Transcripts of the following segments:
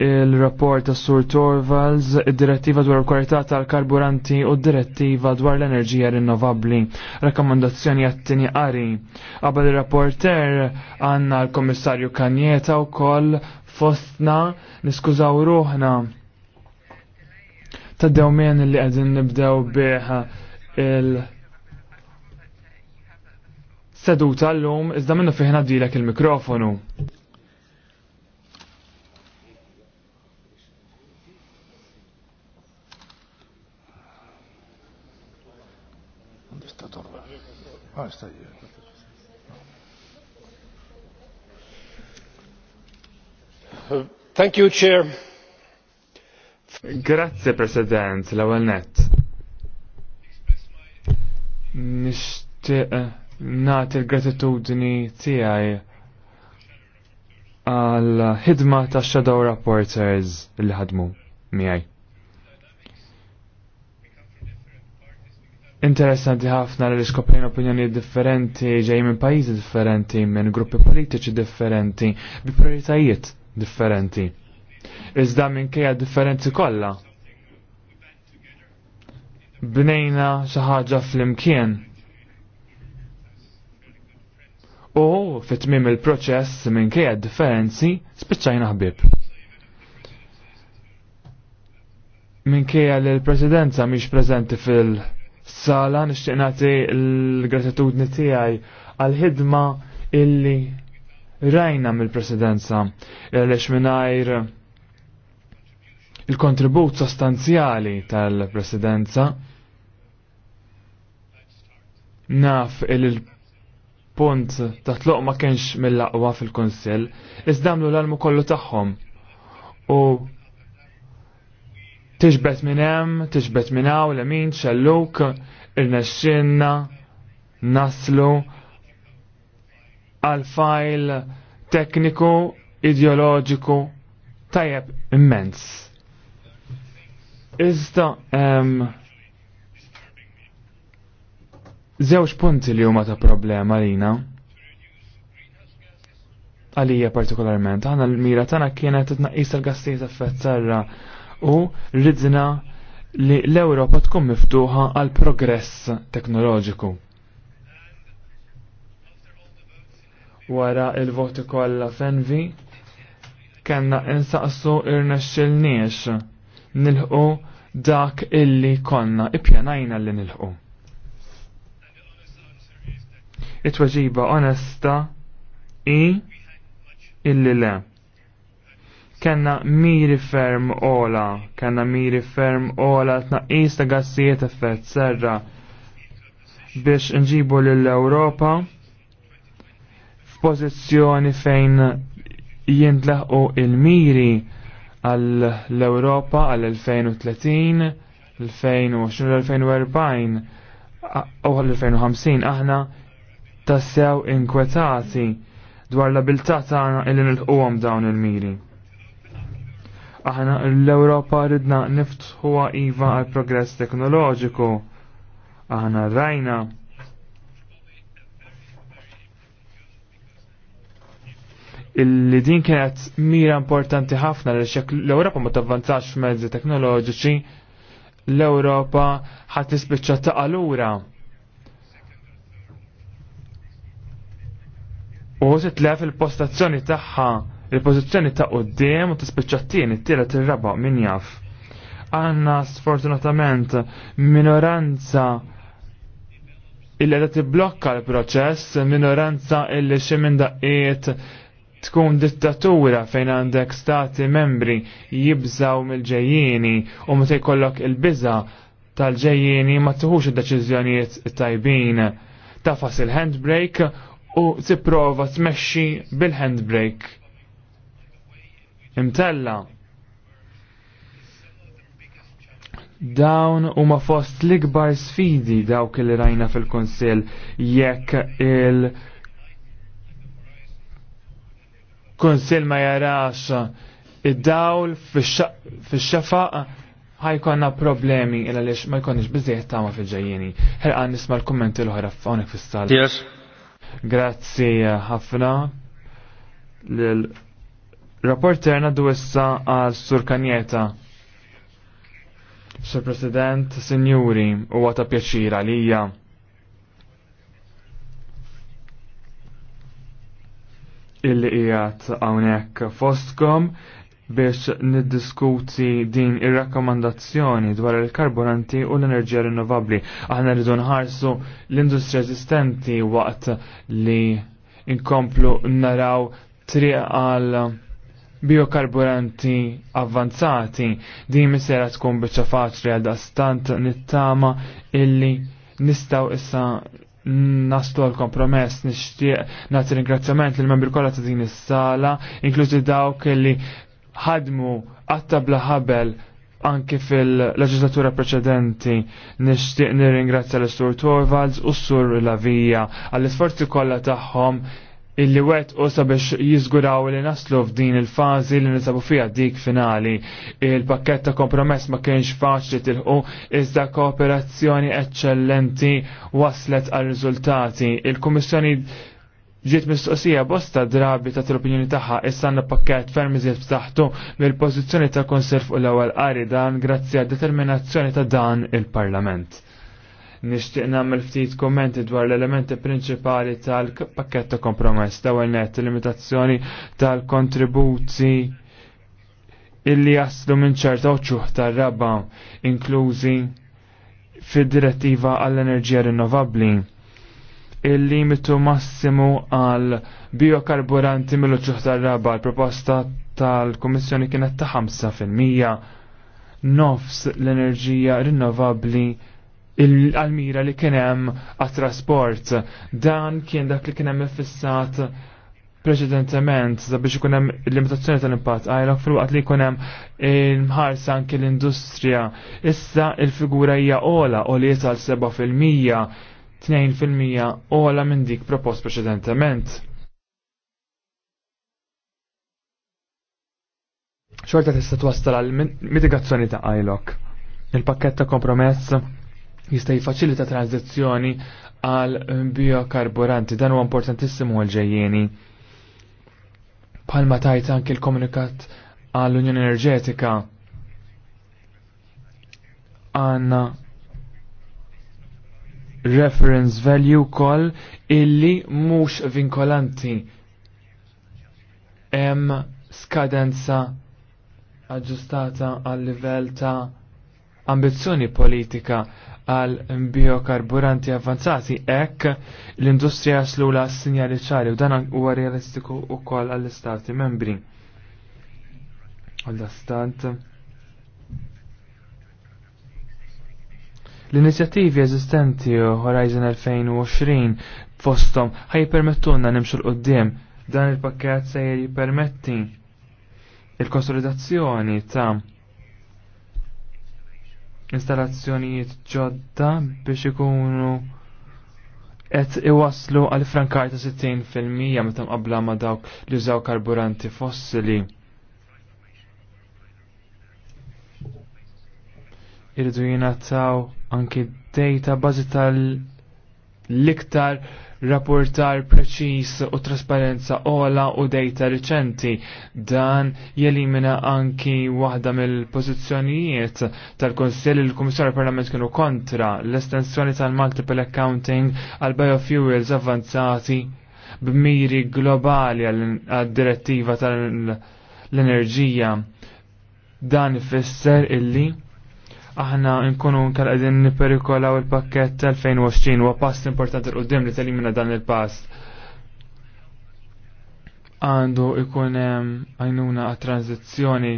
il-rapport ta' Sur Torvalds, id-direttiva dwar kwalità tal-karburanti u d-direttiva dwar l-enerġija rinnovabbli. Rakkomandazzjoni għattini qari. Qabel il-rapporter għanna l-Komissarju Kanjeta u koll fostna niskużaw ruħna ta' dewmien li għedin nibdew biħ il- seduta l-lum, iżda minnu fiħna dilek il-mikrofonu. Thank you, Chair. Grazie, President, La Walnet. net. Nishtiq nagħti l-gratitudni tiegħi għal ħidma ta' Shadow Reporters li ħadmu miegħi. Interessanti ħafna li skoprejn opinjoni differenti ġej minn pajjiżi differenti, minn gruppi politiċi differenti, bi prioritajiet differenti. Iżda minn kejja differenzi kollha. Bnejna xi ħaġa flimkien. U fit-tmiem il-proċess minn kejja differenzi spiċċajna ħbib. Minn kejja li l-Presidenza mhix preżenti fil- Sala nixtieq nagħti l-gratitudni tiegħi għal-ħidma illi rajna mill-presidenza għaliex mingħajr il-kontribut sostanzjali tal-presidenza naf il-punt ta' tluq ma kienx mill laqwa fil-Konsil, izdamlu l-almu kollu tagħhom. U tiġbet minn hemm, tixbet minn hawn lemin xelluk, irnexxinna naslu għal fajl tekniku ideoloġiku tajjeb immens. Iżda hemm żewġ punti li huma ta' problema lina għalija partikolarment. għana l-mira tagħna kienet t-naqis tal gassi ta' fetzarra u ridna li l-Ewropa tkun miftuħa għal progress teknoloġiku. Wara il-voti kollha fenvi kellna insaqsu irnexxilniex nilħu dak illi konna ippjanajna li nilħu. It-tweġiba onesta i illi le Kenna miri ferm ola, kenna miri ferm ola tna ta' gassijiet effett serra biex nġibu l-Europa f'pożizzjoni fejn jintlaħqu il-miri għall-Europa għall-2030, 2020-2040 u għall-2050 aħna tassew inkwetati dwar l-abiltat għana il-nilħuqom dawn il-miri. Aħna l-Ewropa ridna niftħuha iva għal progress teknoloġiku. Aħna rajna illi din kienet mira importanti ħafna li xek l-Europa ma tavvanzax f'mezzi teknoloġiċi, l-Europa ħat nispiċċa ta' allura. U titlef il-postazzjoni tagħha Il-pozizjoni ta' qoddim u tispiċċattin it-tielet ir-raba' min jaf. Għanna sfortunatament minoranza illi għedha tibblokka l-proċess, minoranza illi xi minn daqqiet tkun dittatura fejn għandek stati membri jibżaw mill-ġejjieni u meta jkollok il-biża' tal-ġejjini ma tuħux id deċiżjonijiet tajbin. Tafas il-handbrake u tipprova tmexxi bil-handbrake imtella. Dawn huma fost l-ikbar sfidi dawk li rajna fil-Kunsill jekk il- Kunsill ma jarax id-dawl fix-xafaq ħajkonna problemi illa lix ma jkonniex biżejjed tama fil-ġejjeni. Ħerqan nisma' l-kummenti l-oħra f'hawnhekk fis-sala. Grazzi ħafna lil Rapporter terna duessa għal Sur Kanjeta. Sur President, Sinjuri, u għata pjaċir għalija. Illi ijat għawnek fostkom biex niddiskuti din ir-rakkomandazzjoni dwar il-karburanti u l-enerġija rinnovabli. Aħna rridu nħarsu l-industrija eżistenti waqt li inkomplu naraw triq għal biokarburanti avvanzati di misera tkun biċċa faċli għal stant nittama illi nistaw issa nastu għal kompromess nixtieq nagħti ringrazzjament lill membri kollha ta' din is-sala, inklużi dawk li ħadmu għatta bla ħabel anki fil-leġislatura preċedenti nixtieq nirringrazzja l-Sur Torvalds u s-Sur Lavija għall-isforzi kollha tagħhom illi wet u sabiex jizguraw li naslu f'din il-fazi li nisabu fija dik finali. Il-pakket ta' kompromess ma kienx faċli tilħu iżda kooperazzjoni eccellenti waslet għal riżultati. Il-Kummissjoni ġiet mistoqsija bosta drabi ta' tal opinjoni tagħha issa għandna pakkett ferm iżjed b'saħħtu mill-pożizzjoni ta' konserv u l-ewwel qari dan grazzi għad determinazzjoni ta' dan il-Parlament nixtieq nagħmel ftit kommenti dwar l-elementi prinċipali tal-pakket ta' kompromess l-ewwel net limitazzjoni tal-kontributi illi jaslu minn ċerta uċuħ tar-raba inklużi fid-direttiva għall-enerġija rinnovabbli il-limitu massimu għal biokarburanti mill uċuħ tal-raba l-proposta tal-Komissjoni kienet ta' 5% nofs l-enerġija rinnovabli il-almira li kienem għat-trasport. Dan kien dak li kienem fissat preċedentement sabiex ikun hemm limitazzjoni tal-impatt għajlok fil-waqt li jkun hemm il-mħarsa anke l-industrija. Issa il-figura hija ola li tal 7%, 2% ola minn dik propost preċedentement. Xorta tista' twassal għal mitigazzjoni ta' għajlok. Il-pakket ta' kompromess jista' jifaċilita tranzizzjoni għal biokarburanti. Dan huwa importantissimu għal ġejjeni. Palma tajt anki l-komunikat għall unjoni Enerġetika għanna reference value koll illi mhux vinkolanti hemm skadenza aġġustata għal livell ta' ambizzjoni politika għal biokarburanti avanzati ekk l-industrija slula s-sinjali ċari u dan huwa realistiku u kol għall-istati membri. Għall-istat. L-inizjattivi eżistenti Horizon 2020 fostom ħaj permettunna nimxu l-qoddim dan il-pakket se jipermetti il-konsolidazzjoni ta' installazzjonijiet ġodda biex ikunu qed iwaslu għal frankar ta' 60% meta mqabbla ma' dawk li użaw karburanti fossili. Irridu jingħataw anki data bażi tal-iktar rapportar preċis u trasparenza ola u dejta riċenti. Dan jelimina anki waħda mill-pozizjonijiet tal-Konsil il-Kummissar Parlament kienu kontra l-estensjoni tal-multiple accounting għal biofuels avanzati b'miri globali għal-direttiva tal-enerġija. Dan ifisser illi aħna nkunu nkar qegħdin u il-pakkett 2020 huwa pass importanti l-qoddim li telimina dan il-pass. Għandu ikun għajnuna għat tranzizjoni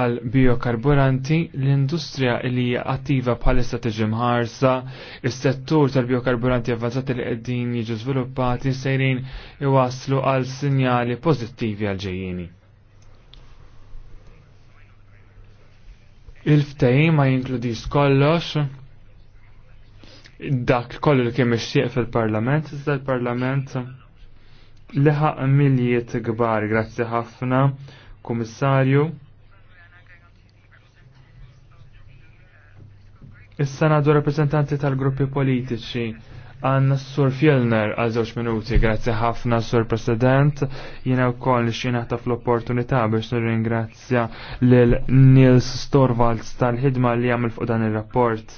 għal biokarburanti, l-industrija li hija attiva bħalissa tiġi mħarsa, is-settur tal-biokarburanti avvanzati li qegħdin jiġu żviluppati sejrin iwaslu għal sinjali pożittivi għal ġejjini Il-ftehim ma jinkludis kollox dak kollu li kien ixtieq fil-Parlament, iżda l-Parlament liħaq miljiet kbar, grazzi ħafna, Kummissarju. Issa nadu rappresentanti tal-gruppi politiċi Għanna s-sur Fjellner għal żewġ minuti, grazzi ħafna s-sur President, jina u koll xina taf fl-opportunità biex nirringrazzja l-Nils Storvalds tal-ħidma li għamil fuq dan il-rapport.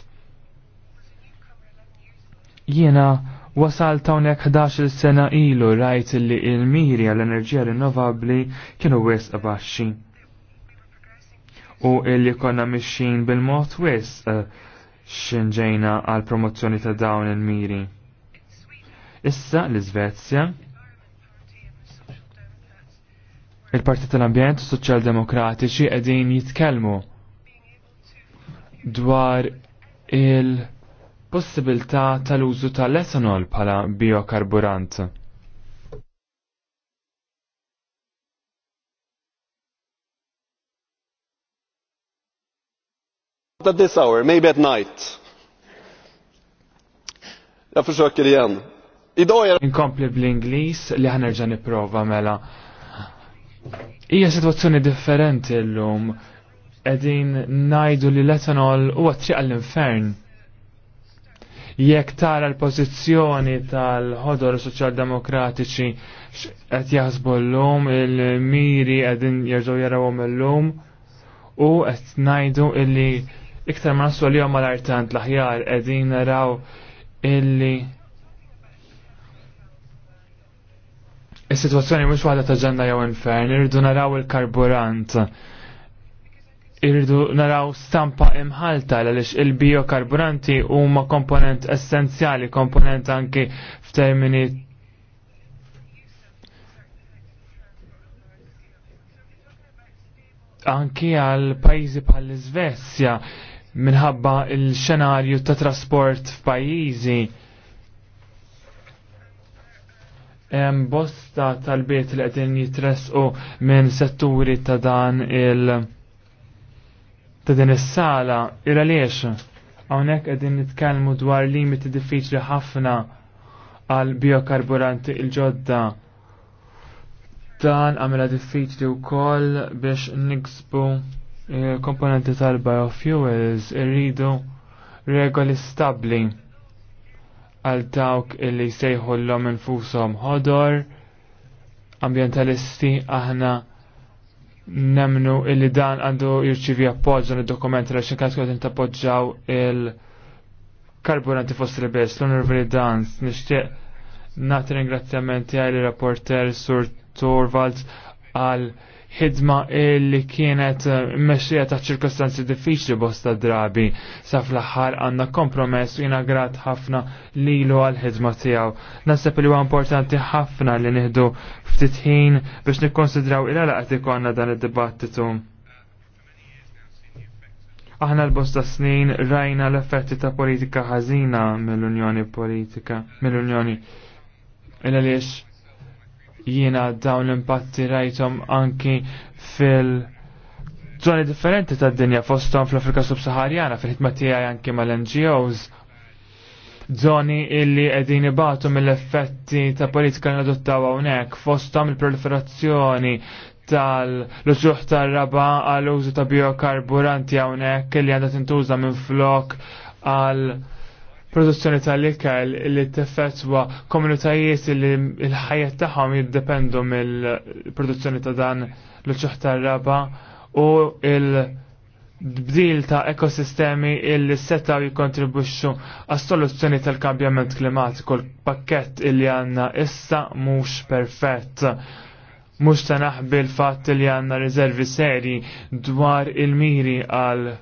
Jina wasal tawnek 11 sena ilu rajt li il-miri għall-enerġija rinnovabli kienu wis baxxi. U il-li konna mixxin bil-mod wis uh, xinġejna għal promozzjoni ta' dawn il-miri. Issa l-Svezja, il-Partit tal-Ambjent u Soċjal-Demokratiċi qegħdin jitkellmu dwar il-possibilità tal-użu tal-etanol bħala biokarburant. At this hour, maybe at night. Jag försöker igen. Idag är... Inkompli bl-Inglis li ħanerġa prova mela. Hija different differenti llum. Qegħdin ngħidu li letanol u huwa triq għall-infern. Jekk tara l-pożizzjoni tal-ħodor soċjaldemokratiċi qed jaħsbu llum il-miri qegħdin jerġgħu jarawhom illum u qed ngħidu illi iktar ma nsu l-jom għal artant l-ħjar edin naraw illi Is-sitwazzjoni mhux waħda ta' ġenna jew infern, irridu naraw il-karburant. Irridu naraw stampa imħalta għaliex il-biokarburanti huma komponent essenzjali, komponent anki f'termini anki għal pajjiżi bħall-Iżvezja. Pa minħabba il-xenarju ta' trasport f'pajjiżi. Hemm bosta tal-biet li qegħdin jitresqu minn setturi ta' dan il- ta' din is-sala ira għaliex hawnhekk qegħdin nitkellmu dwar limiti diffiċli ħafna għal biokarburanti il-ġodda. Dan għamela diffiċli wkoll biex niksbu komponenti tal-biofuels irridu regoli stabli għal dawk illi sejħu l-lom infusom ħodor, ambientalisti aħna nemnu illi dan għandu jirċivi appoġġ il dokument għal xinkat kod tappoġġaw il-karburanti fossili bes, l-onorveri dans, nishtiq nati ringrazzjamenti għal ir rapporter Sur Torvalds għal ħidma li kienet meċċija ta' ċirkostanzi diffiċli bosta drabi sa fl-aħħar għandna kompromess u jiena grat ħafna lilu għal ħidma tiegħu. Naħseb li huwa importanti ħafna li nieħdu ftit ħin biex nikkonsidraw il laqgħet għanna dan id-dibattitu. Aħna l-bosta snin rajna l-effetti ta' politika ħażina mill-Unjoni Politika, mill-Unjoni. il jiena dawn l-impatti rajtom anki fil- Zoni differenti ta' dinja fostom fl-Afrika subsaharjana fil-ħitma tiegħi anki mal-NGOs. Zoni illi qegħdin ibatu mill-effetti ta' politika li adottaw hawnhekk fostom il-proliferazzjoni tal-luġuħ tal-raba għal użu ta' biokarburanti hawnhekk li għandha tintuża minn flok għal produzzjoni tal-ikel li teffettwa komunitajiet li l-ħajja tagħhom jiddependu mill-produzzjoni ta' dan l-ċuħ tal raba u il- bdil ta' ekosistemi illi u jikontribuxxu għas soluzzjoni tal-kambjament klimatiku. L-pakket illi għanna issa mhux perfett. Mhux ta' naħbi l-fatt li għanna riservi seri dwar il-miri għal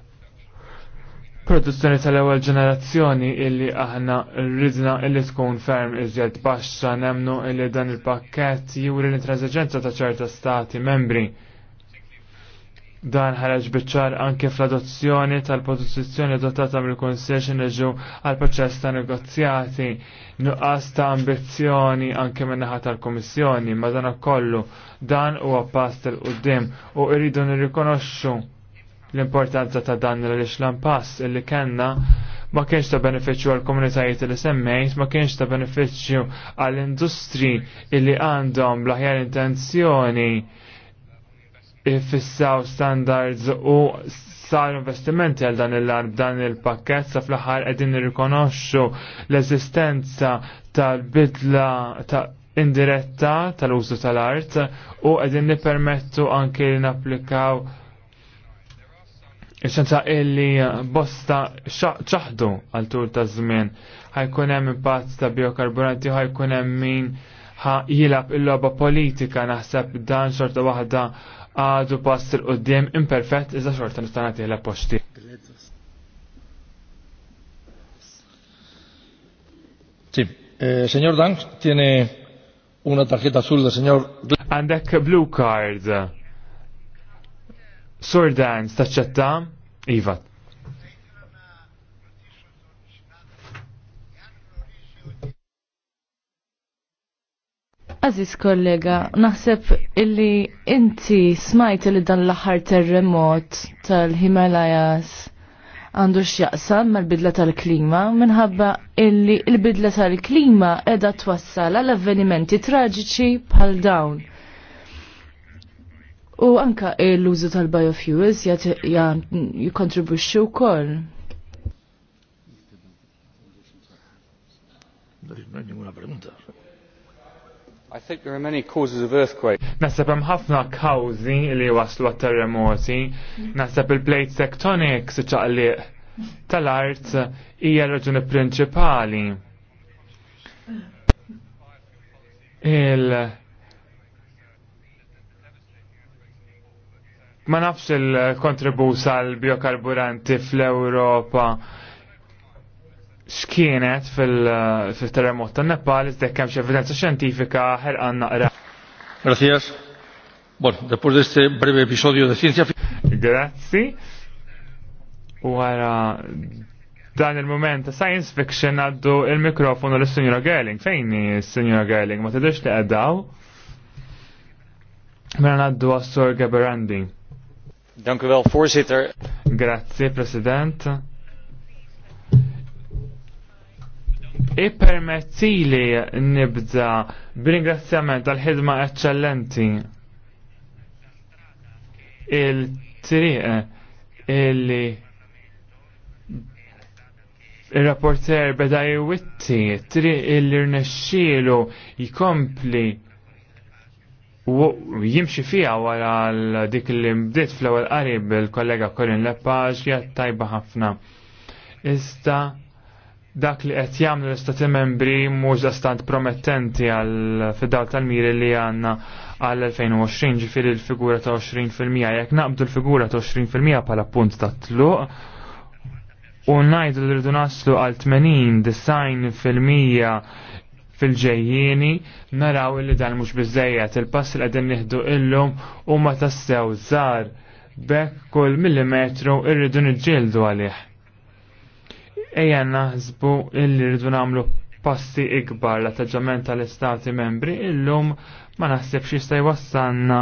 produzzjoni tal-ewwel ġenerazzjoni illi aħna rridna illi tkun ferm iżjed baxxa nemnu illi dan il-pakkett juri l-intransiġenza ta' ċerta stati membri. Dan ħareġ biċċar anke fl-adozzjoni tal-pożizzjoni adottata mill-Konsession niġu għal proċess ta' negozjati, nuqqas ta' ambizzjoni anke min-naħa tal-Kummissjoni, ma dan kollu dan huwa pass il qudiem u rridu nirrikonoxxu l-importanza ta' dan l-Islam pass illi kenna ma kienx ta' beneficju għal komunitajiet li semmejt, ma kienx ta' beneficju għal industri illi għandhom l-aħjar intenzjoni fissaw standards u sar investimenti għal dan il-arb dan il-pakket sa fl-ħar għedin nirrikonoxxu l-eżistenza tal-bidla ta' indiretta tal-użu tal-art u għedin nipermettu anke li naplikaw Iċċanċa illi bosta ċaħdu għal tul ta' żmien ħajkun hemm impatt ta' biokarburanti u ħajkun hemm min jilab il-logħba politika naħseb dan xorta waħda għadu pass il qoddim imperfett iżda xorta nista' nagħtihla poxti. Sì, eh, signor Dank tiene una tarjeta azul del signor Andek blue card. Sur Dan, staċċetta? Iva. Aziz kollega, naħseb illi inti smajt li dan l-aħħar terremot tal-Himalayas għandu x'jaqsam mal-bidla tal-klima minħabba illi l-bidla tal-klima edha twassal għal avvenimenti traġiċi bħal dawn u anka l-użu tal-biofuels jikontribuxxu wkoll. I think there are many causes of earthquake. Nasab hemm ħafna kawżi li waslu għat-terremoti, nasab il-plate tectonics ċaqliq tal-art hija raġuni prinċipali. Il- Ma nafx il-kontribus għal biokarburanti fl-Europa xkienet fil-terremot tan Nepal, iżdek kemx evidenza xjentifika għanna għra. Grazie. Bon, depur de este breve episodio de ciencia Grazzi. Wara dan il-moment ta' science fiction għaddu il-mikrofonu l sinjora Gerling. Fejn s-Sinjora Gerling? Ma tidirx li għaddaw? Mela għaddu għas-Sor Gaberandi. Dank u wel, voorzitter. Grazie, president. I permetti nibda bil-ingrazzjament għal-ħidma eccellenti. Il-triq illi il-rapporter beda jwitti, triq illi rnexxielu jkompli u jimxi fija wara dik li bdiet fl-ewwel qarib il-kollega Corin Lepage hija tajba ħafna. Iżda dak li qed jagħmlu l-istati membri mhux stant promettenti għal fid-dawl tal-miri li għandna għal 2020 ġifieri l-figura ta' 20% jekk naqbdu l-figura ta' 20% bħala punt ta' tluq u ngħidu li rridu naslu għal 80 design fil-mija fil-ġejjieni naraw li dan mhux biżejjed il-pass li qegħdin nieħdu illum huma tassew żar bekk kull millimetru irridu niġġieldu għalih. Ejja naħsbu illi rridu nagħmlu passi ikbar l-attaġġament tal-istati membri illum ma naħsibx jista' jwassalna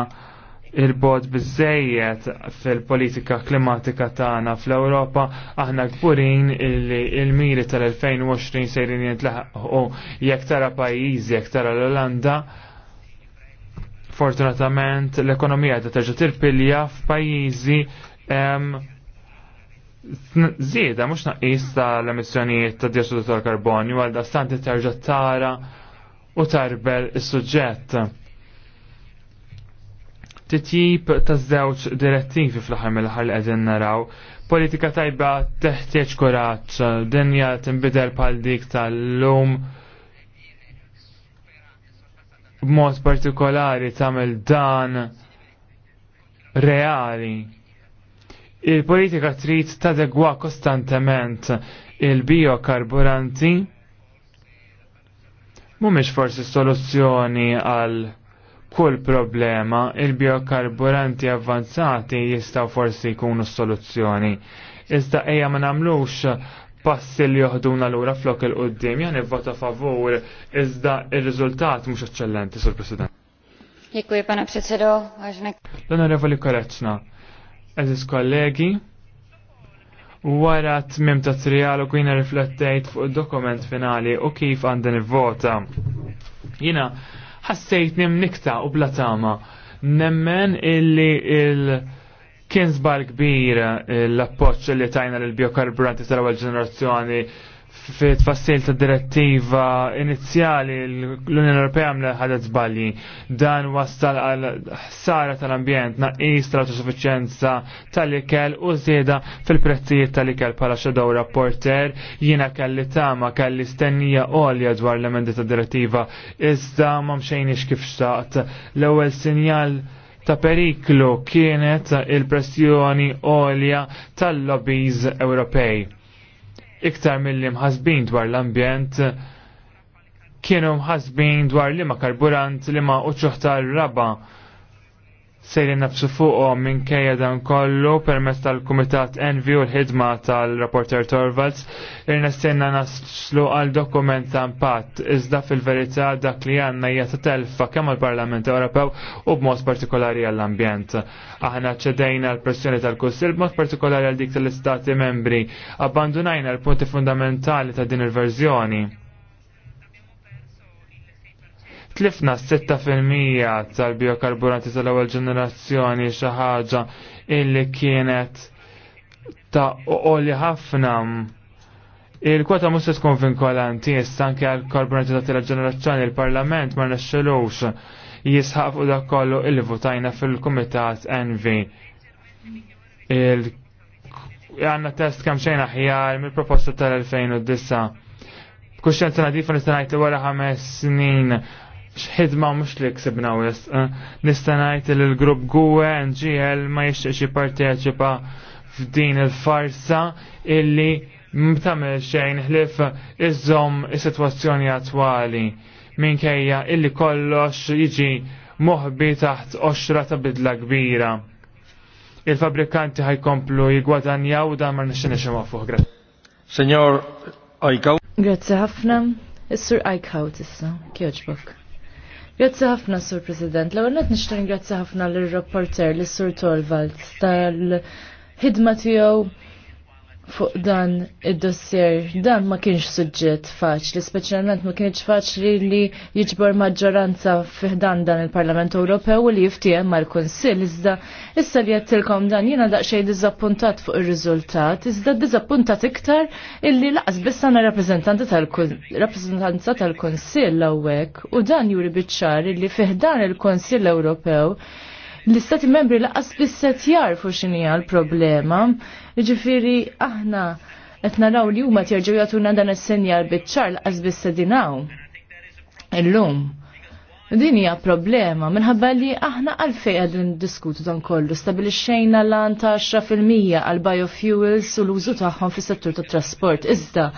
il-bod bizzejiet fil-politika klimatika tagħna fl-Ewropa aħna kburin il-miri tal-2020 sejrin jintlaħu jekk tara pajjiżi, jekk tara l-Olanda. Fortunatament l-ekonomija ta' terġa' tirpilja f'pajjiżi Zieda, mux naqis tal-emissjonijiet ta' dioxidu tal-karbonju, għal da' stanti terġa' tara u tarbel is-suġġett titjib ta' żewġ direttivi fl-aħħar mill ħar li qegħdin naraw. Politika tajba teħtieġ kuraġġ, dinja tinbidel bħal dik tal-lum b'mod partikolari tagħmel dan reali. Il-politika trid tadegwa kostantement il-biokarburanti mhumiex forsi soluzzjoni għal kull problema il-biokarburanti avvanzati jistaw forsi jkunu soluzzjoni. Iżda eja ma namlux passi li joħduna l-ura flok il-qoddim, jani vota favur, iżda il-rizultat mux eccellenti, sur President. Jekwi pana għaxnek. L-onorevoli korreċna, eżis kollegi, wara t-mim ta' u kujna riflettejt fuq dokument finali u kif għandin il-vota. Jina ħassejt nikta u bla tama. Nemmen illi il- kien zbar kbir eh, l-appoċ li tajna l-biokarburanti tal-ewwel ġenerazzjoni fi tfassil ta' direttiva inizjali l-Unjoni Ewropea għamla ħadet zbalji. Dan wassal għal ħsara tal-ambjent, naqis tal-autosuffiċenza tal-ikel u żieda fil-prezzijiet tal-ikel bħala Xadow rapporter jiena kelli tama kelli stennija għolja dwar l-emendi ta' direttiva iżda ma mxejniex kif xtaqt. L-ewwel sinjal ta' periklu kienet il-pressjoni għolja tal-lobbies Ewropej iktar mill-li mħasbin dwar l-ambjent kienu mħasbin dwar li ma karburant li ma uċuħ tal-raba sejri nafsu fuqhom minkejja dan kollu permezz tal-Kumitat Envi u l-ħidma tal-Rapporter Torvalds irnexxinna naslu għal dokument ta' impatt iżda fil-verità dak li għandna hija telfa kemm għall-Parlament Ewropew u b'mod partikolari għall-ambjent. Aħna ċedejna l-pressjoni tal-Kussil b'mod partikolari għal dik tal-Istati membri, abbandunajna l-punti fundamentali ta' din il-verżjoni tlifna 6% tal-biokarburanti tal-ewwel ġenerazzjoni xi ħaġa illi kienet ta' oli ħafna il-kwota mhux se tkun vinkolanti issa anke għall karburanti ta' tielha ġenerazzjoni il-Parlament ma rnexxelux jisħaq fuq dak kollu illi votajna fil-Kumitat Envi. Għanna test kemm xejn aħjar mill-proposta tal-2009. Kuxjenza nadifa nistanajt li wara ħames snin xħidma mux li ksibna u jess. Eh? Nistanajt li l-grupp guwe NGL ma jixtieq xi parteċipa f'din il-farsa illi mtamil xejn ħlif iżom is-sitwazzjoni attwali minkejja illi kollox jiġi muħbi taħt oxra ta' bidla kbira. Il-fabrikanti ħajkomplu jigwadanjaw dan ma nixxin ixema fuq. Senjor Ajkaw. Grazie ħafna. Is-sur Ajkaw tissa, kjoġbok. Grazzi ħafna, Sur President. L-ewwel qed nixtieq ringrazzja ħafna lir-rapporter lis sur Torvald, tal-ħidma tiegħu fuq dan id-dossier. Dan ma kienx suġġett faċli, speċjalment ma kienx faċli li jiġbor maġġoranza fiħdan dan il-Parlament Ewropew u li jiftiem mal-Kunsill. Iżda issa li jattilkom dan jiena daqsxejn diżappuntat fuq ir-riżultat, iżda dizappuntat iktar illi laqas biss rappresentanza rappreżentanza tal-Kunsill hawnhekk u dan juri biċċar illi fiħdan il-Kunsill Ewropew l-istati membri laqas bisset jarfu xinija l-problema. Ġifiri, aħna qed naraw li huma tjerġgħu jagħtuna dan is-senjal biċ-ċar laqas bisset dinaw. Illum. Din hija problema minħabba li aħna għalfej qegħdin diskutu dan kollu stabilixxejna lan ta' 10% għal biofuels u l-użu tagħhom fis-settur tat-trasport. Iżda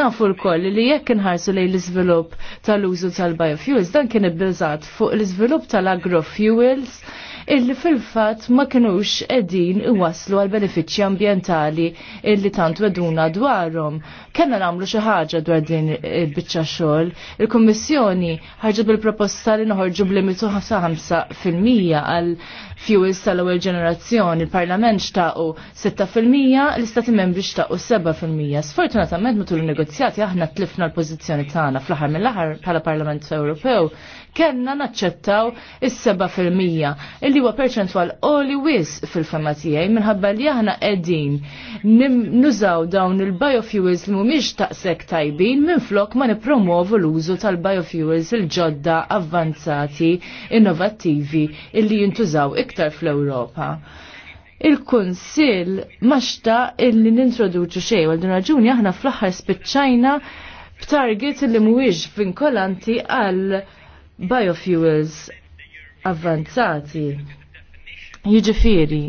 nafu l-koll li jekk inħarsu lejn l-iżvilupp tal-użu tal-biofuels dan kien ibbiżat fuq l-iżvilupp tal-agrofuels illi fil-fat ma kinux edin waslu għal benefiċċji ambientali illi tant weduna dwarhom. Kenna nagħmlu xi ħaġa dwar din il-biċċa xogħol. Il-Kummissjoni ħarġu bil-proposta li noħorġu b'limitu 5% għal fuels tal-ewwel ġenerazzjoni. Il-Parlament xtaqu 6%, l-Istati Membri xtaqu 7%. Sfortunatament matul il-negozjati aħna tlifna l-pożizzjoni tagħna fl-aħħar mill-aħħar bħala Parlament Ewropew kellna naċċettaw is-7 fil-mija illi huwa perċentwal qoli wis fil-fema tiegħi minħabba li aħna qegħdin nużaw dawn il-biofuels li mhumiex taqsek tajbin minflok ma nippromovu l-użu tal-biofuels il-ġodda avvanzati innovattivi illi jintużaw iktar fl-Ewropa il-Kunsil maxta illi nintroduċu xej, għal din raġuni aħna fl-aħħar spiċċajna b'target li mhuwiex vinkolanti għal biofuels avvanzati. Jiġifieri,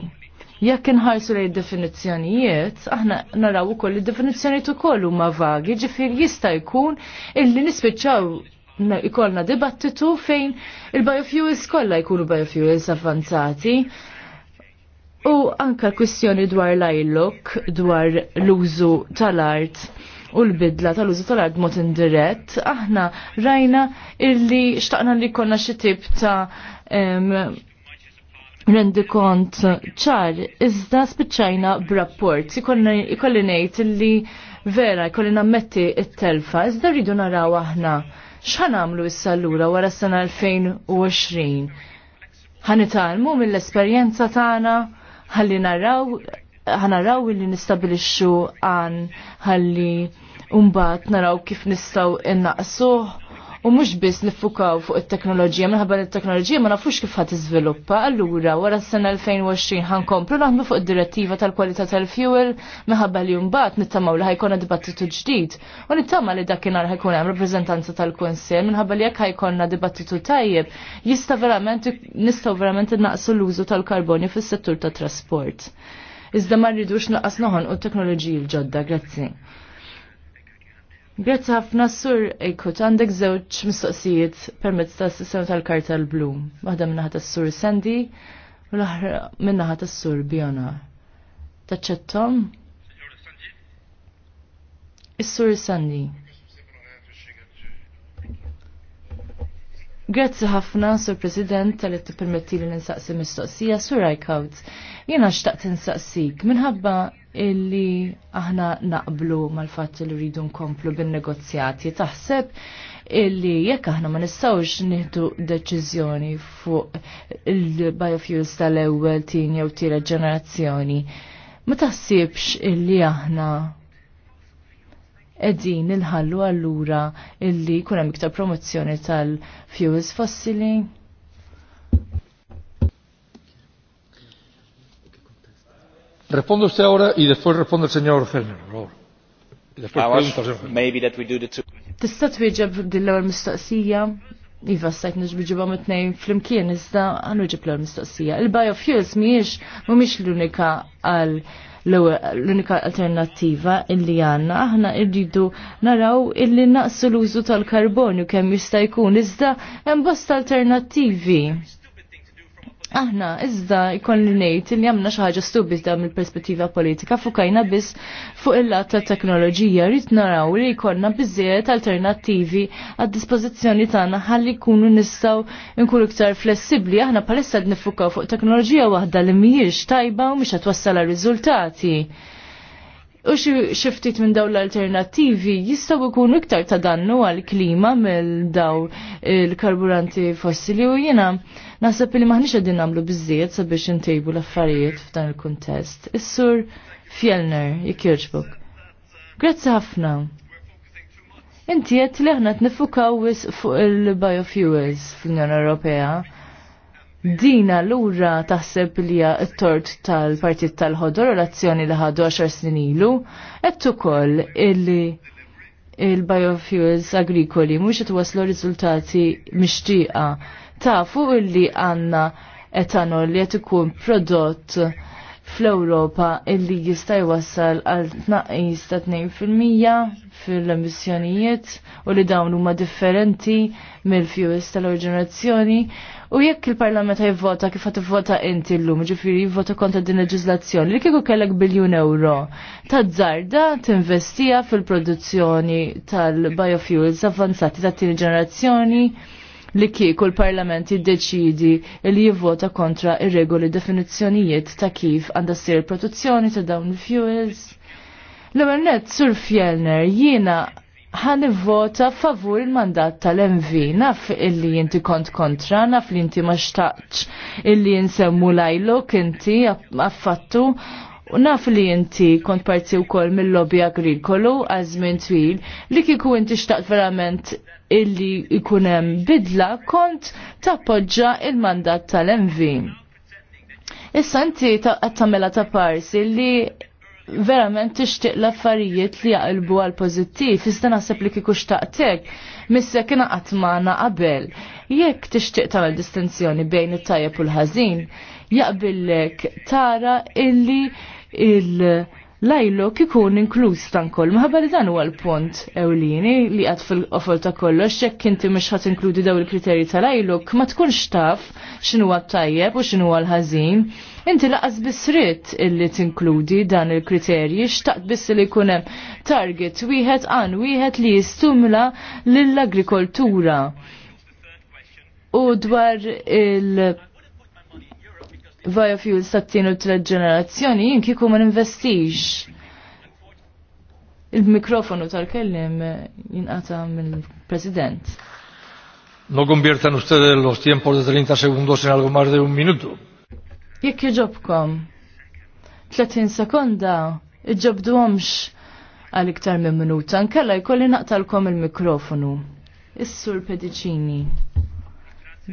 jekk inħarsu lejn definizzjonijiet, aħna naraw ukoll id-definizzjonijiet ukoll huma vagi, jiġifieri jista' jkun illi nispiċċaw ikollna dibattitu fejn il-biofuels kollha jkunu biofuels avvanzati. U anka kwistjoni dwar l-ajlok, dwar l-użu tal-art u l-bidla tal-użu tal-art mod indirett, aħna rajna illi xtaqna li konna xi tip ta' rendi kont ċar, iżda spiċċajna b'rapport. Ikolli ngħid illi vera, ikolli nammetti it-telfa, iżda rridu naraw aħna x'ħan għamlu issa allura wara s-sena 2020. Ħanitalmu mill-esperjenza tagħna ħalli naraw ħanaraw illi nistabilixxu għan ħalli Umbat naraw kif nistaw innaqsuh u mhux biss nifukaw fuq it-teknoloġija minħabba it-teknoloġija ma nafux kif ħadd iżviluppa. Allura wara s-sena 2020 ħankomplu naħdmu fuq id-direttiva tal-kwalità tal-fuel minħabba li mbagħad nittamaw li ħajkonna dibattitu ġdid. U nittama li dakinhar ħajkun hemm rappreżentanza tal-Kunsill minħabba li jekk ħajkonna dibattitu tajjeb jista' verament nistgħu verament innaqsu l-użu tal-karbonju fis-settur tat-trasport. Iżda ma rridux naqas noħon u t teknoloġiji l-ġodda, grazzi. Grazzi ħafna sur Eikut, għandek żewġ mistoqsijiet permezz tas sistema tal kartel blu Waħda minnaħa tas sur Sandy u l-aħra minnaħa tas sur Biona. Taċċettom? Is-sur Sandy. Grazzi ħafna, Sur President, tal-li t-permetti li n-insaqsi mistoqsija, Sur Eichhout. Jena xtaqt n-insaqsik, minħabba illi aħna naqblu mal-fatt li rridu nkomplu bin-negozjati. Taħseb illi jekk aħna ma nistgħux nieħdu deċiżjoni fuq il-biofuels tal-ewwel tin jew tira ġenerazzjoni, ma taħsibx illi aħna edin nilħallu allura illi kuna miktar promozzjoni tal-fuels fossili? Responde usted ahora y después responde el señor Helmer, por favor. Tista' twieġeb dil-ewwel mistoqsija? Iva stajt nġbiġiba mitnejn fl-imkien, iżda għandu ġib l-ewwel mistoqsija. Il-biofuels mhijiex mhumiex l-unika għal l-unika alternativa illi għanna, aħna irridu naraw illi naqsu l-użu tal-karbonju kemm jista' jkun iżda hemm bosta alternattivi Aħna, iżda li ngħid li għamna xi ħaġa stupida mill-perspettiva politika fukajna biss fuq il-lat ta' teknoloġija rrid naraw li jkollna biżżejjed alternattivi għad dispożizzjoni tagħna ħalli jkunu nistgħu nkunu iktar flessibbli. Aħna palissa nifukaw fuq teknoloġija waħda li mhijiex tajba u mhix qed wassal riżultati u xi ftit minn dawn l-alternattivi jistgħu jkunu iktar ta' dannu għall-klima mill daw il-karburanti fossili u jiena naħseb li maħniex qegħdin nagħmlu biżżejjed sabiex intejbu l-affarijiet f'dan il-kuntest. Is-sur Fjellner, jekk Grazzi ħafna. Inti qed li aħna tnifukaw fuq il-biofuels fl-Unjoni Ewropea Dina l-ura taħseb li t-tort tal-partit tal-ħodor u l-azzjoni li ħadu 10 snin ilu, qed ukoll illi il-biofuels agrikoli mhux qed waslu riżultati mixtieqa. Tafu illi għandna etanol li qed ikun prodott fl-Ewropa illi jista' jwassal għal tnaqqis ta' 2% fil-emissjonijiet u li dawn huma differenti mill-fuels tal ġenerazzjoni. U jekk il-Parlament jivvota kif għat vota inti l-lum, ġifiri jivvota kontra din leġizlazzjoni, li kieku kellek biljun euro ta' zarda t-investija fil-produzzjoni tal-biofuels avanzati ta' tini ġenerazzjoni li kieku l-Parlament jiddeċidi li jivvota kontra ir-regoli definizzjonijiet ta' kif għandha ssir produzzjoni ta' dawn il-fuels. L-ewwel net Sur Fjellner jiena ħan vota favur il-mandat tal-MV. Naf illi jinti kont kontra, naf li jinti maċtaqċ illi jinsemmu lajlo kinti affattu. U naf li jinti kont parti u kol mill-lobby agrikolu għazmin twil li kiku jinti xtaqt verament illi ikunem bidla kont tappoġġa il-mandat tal-MV. Issa inti għattamela ta' parsi li verament tixtieq l-affarijiet li jaqilbu għal pozittiv iżda naħseb li kieku xtaqtek, missa kien għatmana magħna qabel. Jekk tixtieq tagħmel distinzjoni bejn it-tajjeb u l-ħażin, jaqbillek tara illi il- lajlu kikun tan tankol. Maħabba li dan huwa l-punt ewlieni li għad fil-qofol ta' kollox, xek inti mhux ħadd inkludi daw il-kriterji tal-lajluk, ma tkunx taf xinu għal tajjeb u xinu għal l-ħażin. Inti laqas bisrit illi tinkludi dan il-kriterji, xtaqt biss li kunem target wieħed għan wieħed li jistumla lill-agrikoltura. U dwar il- biofuels tat-tien u tret ġenerazzjoni jien kiku ma investiġ. Il-mikrofonu tal-kellim jinqata mill-President. No conviertan ustedes los tiempos de 30 segundos in algo mar de un minuto. Jekk jġobkom 30 sekonda, iġobdu għomx għal iktar minn minuta, nkella jkolli naqtalkom il-mikrofonu. Is-Sur Pedicini.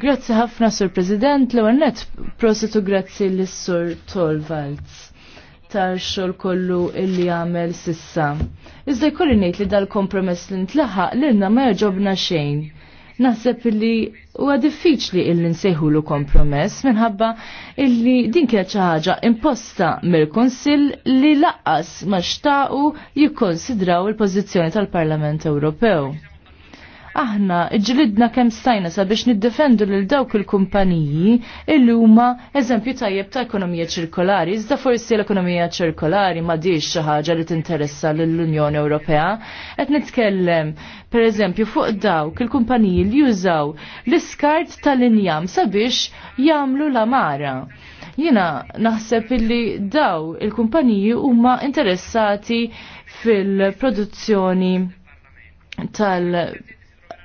Grazzi ħafna Sur President, l għannet prositu grazzi l-Sur Tolvalds tar xol kollu illi għamel sissa. Iżda jkolli ngħid li dal-kompromess li l lilna ma joġobna xejn naħseb li huwa diffiċli illi nsejħulu kompromess minħabba illi din kienet xi ħaġa imposta mill-Kunsill li laqqas ma xtaqu jikkonsidraw il-pożizzjoni tal-Parlament Ewropew aħna ġlidna kemm stajna sabiex niddefendu lil dawk il-kumpaniji illi huma eżempju tajjeb ta' ekonomija ċirkolari. Iżda forsi l-ekonomija ċirkolari ma diex xi ħaġa li tinteressa lill-Unjoni Ewropea. Qed nitkellem pereżempju fuq dawk il-kumpaniji li jużaw l-iskart tal-injam sabiex jagħmlu l-amara jina naħseb illi daw il-kumpaniji huma interessati fil-produzzjoni tal-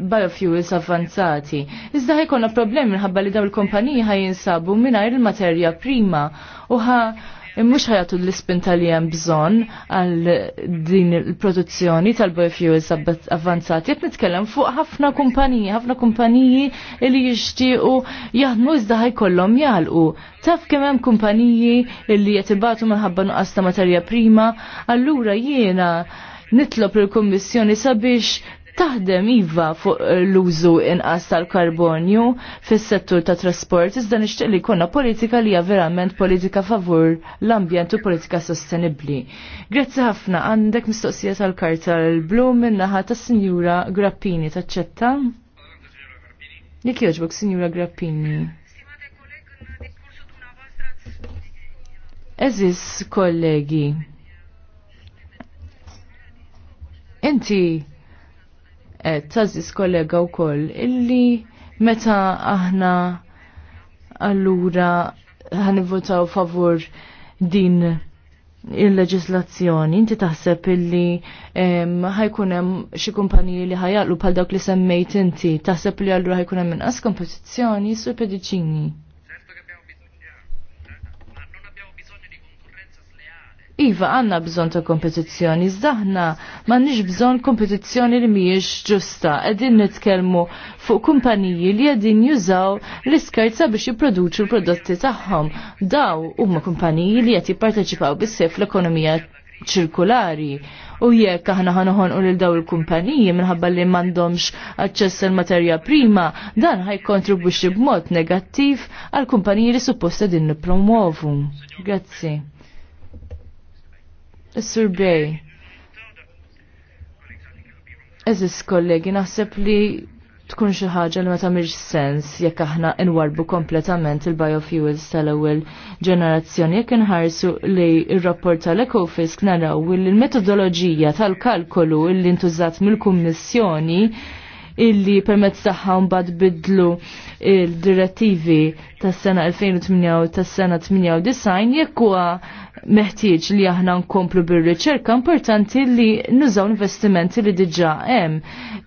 biofuels avanzati. Iżda ħajkonna problemi minħabba li daw il-kumpaniji ħajinsabu mingħajr il-materja prima u ħa mux ħajatu l-ispin tal-jem bżon għal din il-produzzjoni tal-biofuels avanzati Jett nitkellem fuq ħafna kumpaniji, ħafna kumpaniji li u jaħdmu iżda ħajkollhom jalqu. Taf kemm hemm kumpaniji li jtibatu minħabba nuqqas ta' materja prima, allura jiena nitlob il-Kommissjoni sabiex taħdem iva fuq l-użu inqas tal-karbonju fis-settur ta' trasport, iżda nixtieq li jkollna politika li hija verament politika favur l-ambjent u politika sostenibbli. Grazzi ħafna għandek mistoqsija tal-karta l blu minnaħa tas-Sinjura Grappini taċċetta. Jekk jogħġbok Sinjura Grappini. Eżis kollegi, inti Eh, tażis kollega wkoll illi meta aħna allura ħanivvotaw favur din il-leġislazzjoni, inti taħseb illi ħajkun hemm xi kumpaniji li ħajaqlu bħal dawk li semmejt inti, taħseb li allura ħajkun hemm inqas kompetizzjoni sur Iva għanna bżon ta' kompetizzjoni, zdaħna nix bżon kompetizzjoni li miex ġusta. Għedin nitkelmu fuq kumpaniji li għedin jużaw l-iskarza biex jiproduċu l-prodotti tagħhom. Daw huma kumpaniji li għati jipparteċipaw bissef l-ekonomija ċirkulari u jekk aħna ħanħon u lil daw il-kumpaniji minħabba li mandomx aċċess il-materja prima, dan ħaj kontribuċi b'mod negattiv għal kumpaniji li supposta din nipromovu. Grazzi. Is-Sur Eżis kollegi, naħseb li tkun xi ħaġa li ma tagħmilx sens jekk aħna nwarbu kompletament il-biofuels tal-ewwel ġenerazzjoni jekk inħarsu li r-rapport tal-Ecofisk naraw li l-metodoloġija tal-kalkolu li ntużat mill-Kummissjoni illi permezz tagħha mbagħad bidlu il-direttivi tas-sena 2008 u tas-sena 98 jekk huwa meħtieġ li aħna nkomplu bir-riċerka importanti li nużaw investimenti li diġà hemm.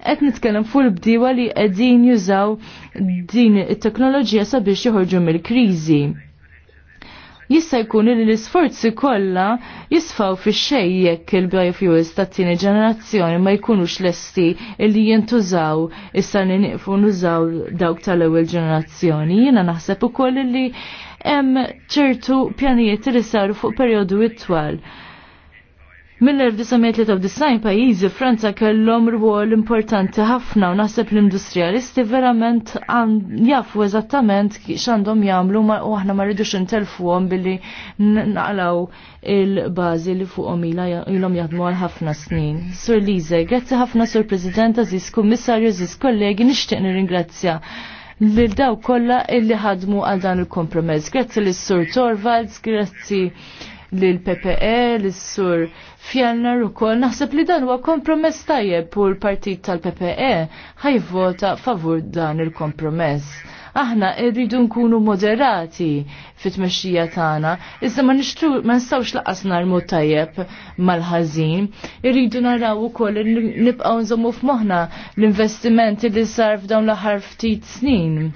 Qed nitkellem fuq il-bdiewa li qegħdin jużaw din it-teknoloġija sabiex joħorġu mill-kriżi jista' jkun li l-isforzi kollha jisfaw fix xej jekk il-biofuels tat-tieni ġenerazzjoni ma jkunux lesti li jintużaw issa li nieqfu nużaw dawk tal-ewwel ġenerazzjoni. Jiena naħseb ukoll li hemm ċertu pjanijiet li saru fuq perjodu it twal Mill-1993 pajjiżi Franza kellhom rwol importanti ħafna u naħseb l-industrijalisti verament jafu eżattament x'għandhom jagħmlu u aħna ma rridux intelfuhom billi naqlaw il-bażi li fuqhom ilhom jaħdmu għal ħafna snin. Sur Lize, grazzi ħafna Sur President, Aziz Kummissarju, Aziz kollegi, nixtieq nirringrazzja lil daw kollha illi ħadmu għal dan il-kompromess. Grazzi lis sur Torvalds, grazzi l-PPE, l-Sur Fjellner u kol. Naħseb li dan huwa kompromess tajjeb u l-partit tal-PPE ħajvota favur dan il-kompromess. Aħna irridu nkunu moderati fit-tmexxija tagħna, iżda ma nixtru ma nistgħux laqas mod tajjeb mal-ħażin. Irridu naraw ukoll nibqgħu nżommu f'moħħna l-investimenti li sar f'dawn l-aħħar ftit snin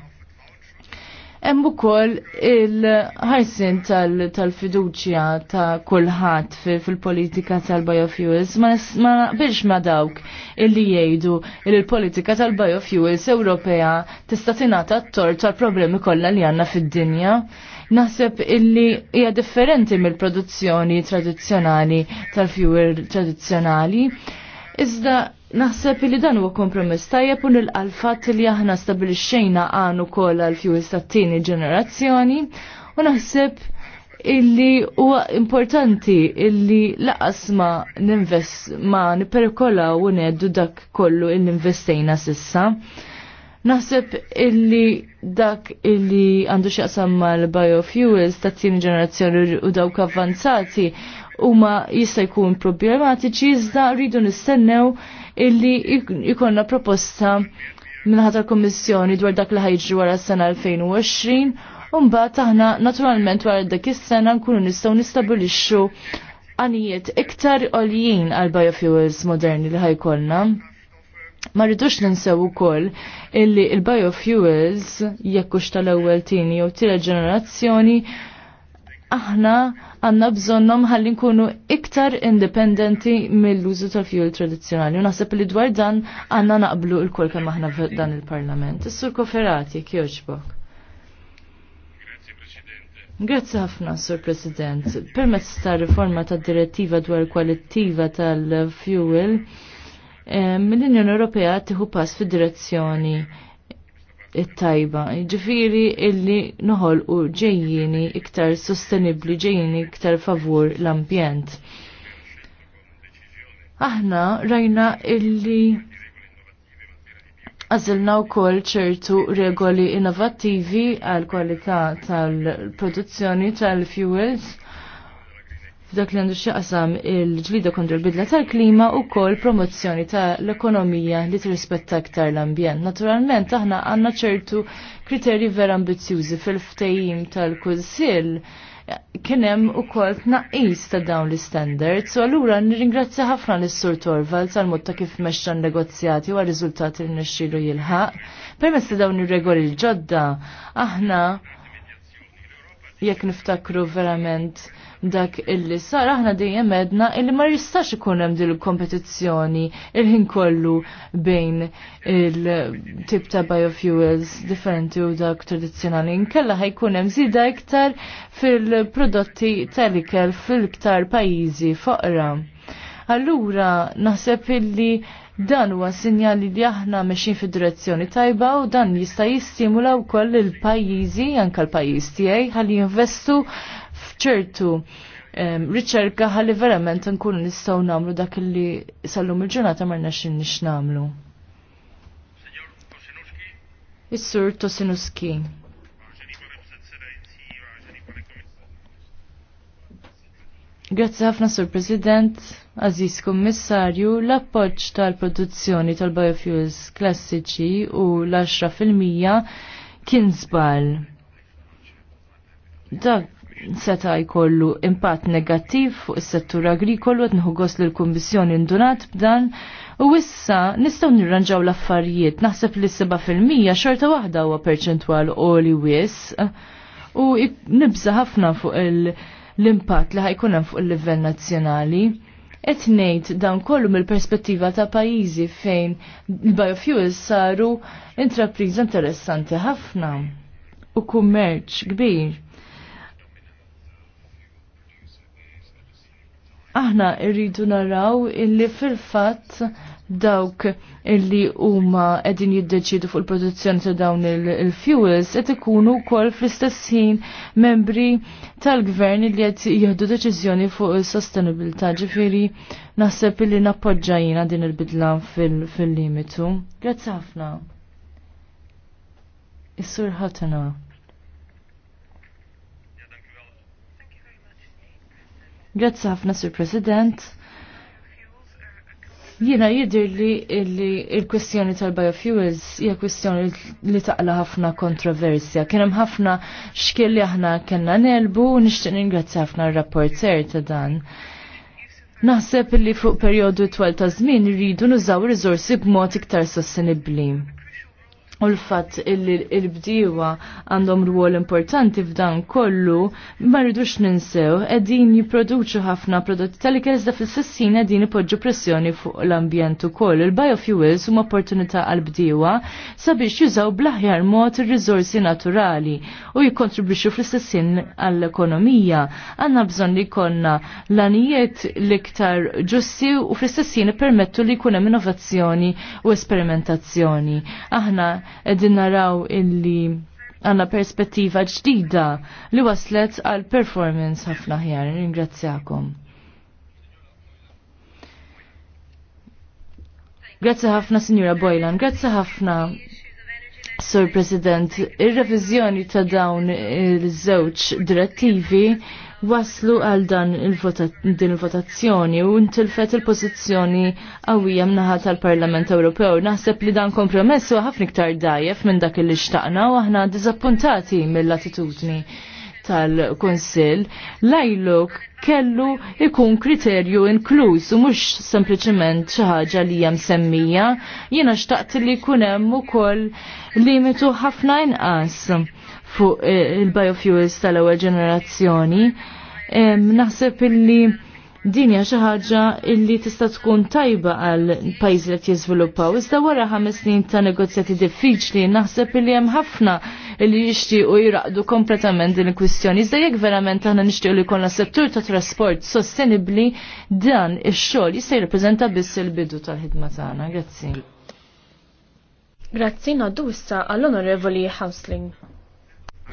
hemm ukoll il-ħarsin tal-fiduċja ta' kulħadd fil-politika tal-biofuels ma biex ma' dawk illi jgħidu li l-politika tal-biofuels Ewropea tista' tingħata t-tort tal-problemi kollha li għandna fid-dinja. Naħseb illi hija differenti mill-produzzjoni tradizzjonali tal-fuel tradizzjonali. Iżda Naħseb li dan huwa kompromiss tajjeb u nil-qalfat li aħna stabilixxejna għan ukoll għal fjuwis tat-tieni ġenerazzjoni u naħseb illi huwa importanti illi laqas ma ninvest ma niperkola u neddu dak kollu illi investejna sissa. Naħseb illi dak illi għandu xaqsam mal biofuels ta' tieni ġenerazzjoni u dawk avvanzati huma jista' jkun problematiċi iżda rridu nistennew illi jkollna proposta minħata l-Kommissjoni dwar dak li ħajġi wara s-sena 2020 Umbat taħna naturalment wara dak is-sena nkunu nistgħu nistabilixxu għanijiet iktar għoljien għal biofuels moderni li ħajkolna. Ma rridux ninsew ukoll illi il-biofuels jekkux tal-ewwel tieni jew tielet ġenerazzjoni aħna għanna bżonnom ħalli nkunu iktar independenti mill-użu tal-fjol tradizjonali. Naħseb li dwar dan għanna naqblu il-kol kemm aħna dan il-parlament. Is-sur koferati, kjoċbok. Grazzi ħafna, Sur President. Permezz ta' riforma ta' direttiva dwar kwalittiva tal-fuel, eh, mill-Unjoni Ewropea tieħu pass fid-direzzjoni it-tajba. Ġifiri illi noħol u ġejjini iktar sostenibli, ġejjini iktar favur l-ambjent. Aħna rajna illi għazilna u kol ċertu regoli innovativi għal kwalità tal-produzzjoni tal-fuels Dak li għandu xaqsam il-ġlida kontra l-bidla tal-klima u kol promozzjoni tal ekonomija li tirrispetta ktar l-ambjent. Naturalment, aħna għanna ċertu kriterji vera ambizjużi fil-ftejim tal-kunsil kienem u kol tnaqis ta' dawn l-standards, u għallura nirringrazzja ħafna l-Sur Torval tal motta kif meċċan negozjati u għal-rizultati li nixxilu jilħaq. Permess ta' dawn ir-regoli l-ġodda, aħna jekk niftakru verament dak illi sar aħna dejjem edna illi ma jistax ikun hemm din il-kompetizzjoni il-ħin kollu bejn il-tip ta' biofuels differenti u dak tradizzjonali. Inkella ħajkun hemm żieda iktar fil-prodotti tal-ikel fil-iktar pajjiżi foqra. Allura naħseb illi dan huwa sinjali li aħna mexin fid-direzzjoni tajba u dan jista' jistimula wkoll il-pajjiżi anke l-pajjiż tiegħi ħalli jinvestu ċertu riċerka ħalli verament nkunu nistgħu nagħmlu dak li sallum il-ġurnata marna xin nix namlu. Is-sur Tosinuski. Grazzi ħafna Sur President, Aziz Kommissarju, l-appoġġ tal-produzzjoni tal-biofuels klassiċi u l-10% kien żball. Dak seta jkollu impatt negattiv fuq is-settur agrikolu qed gost lil kummissjoni ndunat b'dan u issa nistgħu nirranġaw l-affarijiet naħseb li seba' fil-mija xorta waħda huwa perċentwal qoli wis u nibsa ħafna fuq l-impatt li ħajkun hemm fuq il-livell nazzjonali. Qed ngħid dan kollu mill-perspettiva ta' pajjiżi fejn il-biofuels saru intrapriża interessanti ħafna u kummerċ kbir aħna rridu naraw illi fil-fatt dawk illi huma qegħdin jiddeċidu fuq il-produzzjoni ta' dawn il-fuels qed ikunu wkoll fl-istess ħin membri tal-gvern li qed jieħdu deċiżjoni fuq is-sostenibilità. Ġifieri naħseb illi nappoġġa jiena din il-bidla fil-limitu. Grazzi ħafna. Is-sur ħatana. Grazzi ħafna, Sir President. Jiena jidir li il-kwestjoni tal-biofuels hija kwestjoni li taqla ħafna kontroversja. Kien hemm ħafna xkien li aħna kellna nelbu u nixtieq ningrazzja ħafna r-rapporter ta' dan. Naħseb li fuq perjodu twal ta' żmien rridu nużaw riżorsi b'mod iktar sostenibbli u l-fatt illi l-bdiewa għandhom rwol importanti f'dan kollu, ma rridux ninsew, qegħdin jipproduċu ħafna prodotti tal ikel da fil-sessin qegħdin ipoġġu pressjoni fuq l-ambjent ukoll. Il-biofuels huma opportunità għal bdiwa sabiex jużaw bl-aħjar mod ir-riżorsi naturali u jikkontribwixxu fl sessin għall-ekonomija. Għandna bżonn li jkollna l-anijiet l-iktar ġussi u fil sessin permettu li jkun hemm innovazzjoni u esperimentazzjoni. Aħna edin naraw illi għanna perspettiva ġdida li waslet għal performance ħafna ħjar. Ringrazzjakom. Grazzi ħafna, Signora Boylan. Grazzi ħafna, Sur President. Ir-reviżjoni ta' dawn il-żewġ direttivi waslu għal dan din il-votazzjoni u ntilfet il-pozizjoni għawija mnaħa tal-Parlament Ewropew. Naħseb li dan kompromess u ħafna iktar dajjef minn dak li xtaqna u aħna dizappuntati mill-attitudni tal-Konsil. Lajluk kellu ikun kriterju inkluż u mhux sempliċement xi ħaġa li hija msemmija, jiena xtaqt li jkun hemm ukoll limitu ħafna inqas fuq eh, il-biofuels tal-ewwel ġenerazzjoni. Naħseb illi din hija xi ħaġa illi tista' tkun tajba għal pajjiż li qed jiżviluppaw. Iżda wara ħames snin ta' negozjati diffiċli naħseb illi hemm ħafna illi jixtiequ jiraqdu kompletament din il-kwistjoni. Iżda jekk verament aħna nixtiequ li jkollna settur ta' trasport sostenibbli dan ix-xogħol jista' jirreprezenta biss il-bidu tal-ħidma tagħna. Grazzi. Grazzi naddu issa għall-Onorevoli Hausling.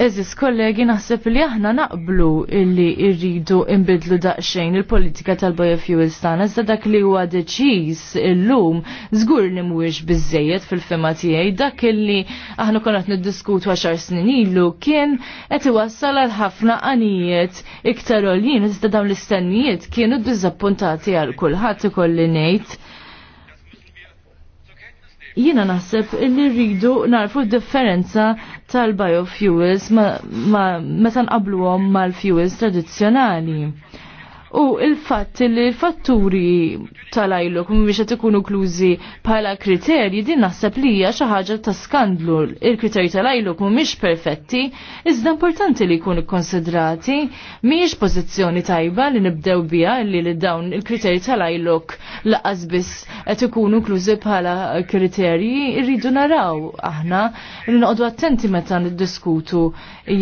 Eżis kollegi naħseb li aħna naqblu illi irridu imbidlu daqxejn il-politika tal-biofuels tagħna iżda dak li huwa deċiż illum żgur li mhuwiex biżejjed fil-fema tiegħi dak illi aħna konna qed niddiskutu għaxar snin ilu kien qed iwassal għal ħafna qanijiet iktar għoljien iżda dawn l-istennijiet kienu ddiżappuntati għal kulħadd ikolli ngħid Jiena naħseb li rridu narfu differenza tal-biofuels ma meta nqabluhom mal-fuels tradizzjonali u il-fatt li l-fatturi tal-ajluk mhumiex qed ikunu klużi bħala kriterji din naħseb li hija xi ħaġa ta' skandlu. Il-kriterji tal-ajluk mhumiex perfetti, iżda importanti li jkunu konsidrati mhijiex pożizzjoni tajba li nibdew biha li li dawn il-kriterji tal-ajluk laqas biss qed ikunu klużi bħala kriterji rridu naraw aħna li noqogħdu attenti meta niddiskutu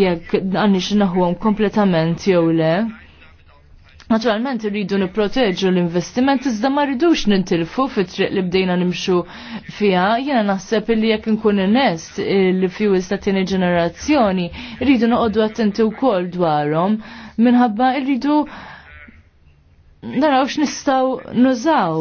jekk għandix naħuhom kompletament jew le. Naturalment rridu niproteġu l-investiment iżda ma rridux nintilfu fit-triq li bdejna nimxu fiha. Jiena naħseb li jekk nkun innest il fiw ta' tieni ġenerazzjoni rridu noqogħdu attenti wkoll dwarhom minħabba rridu naraw x'nistgħu nużaw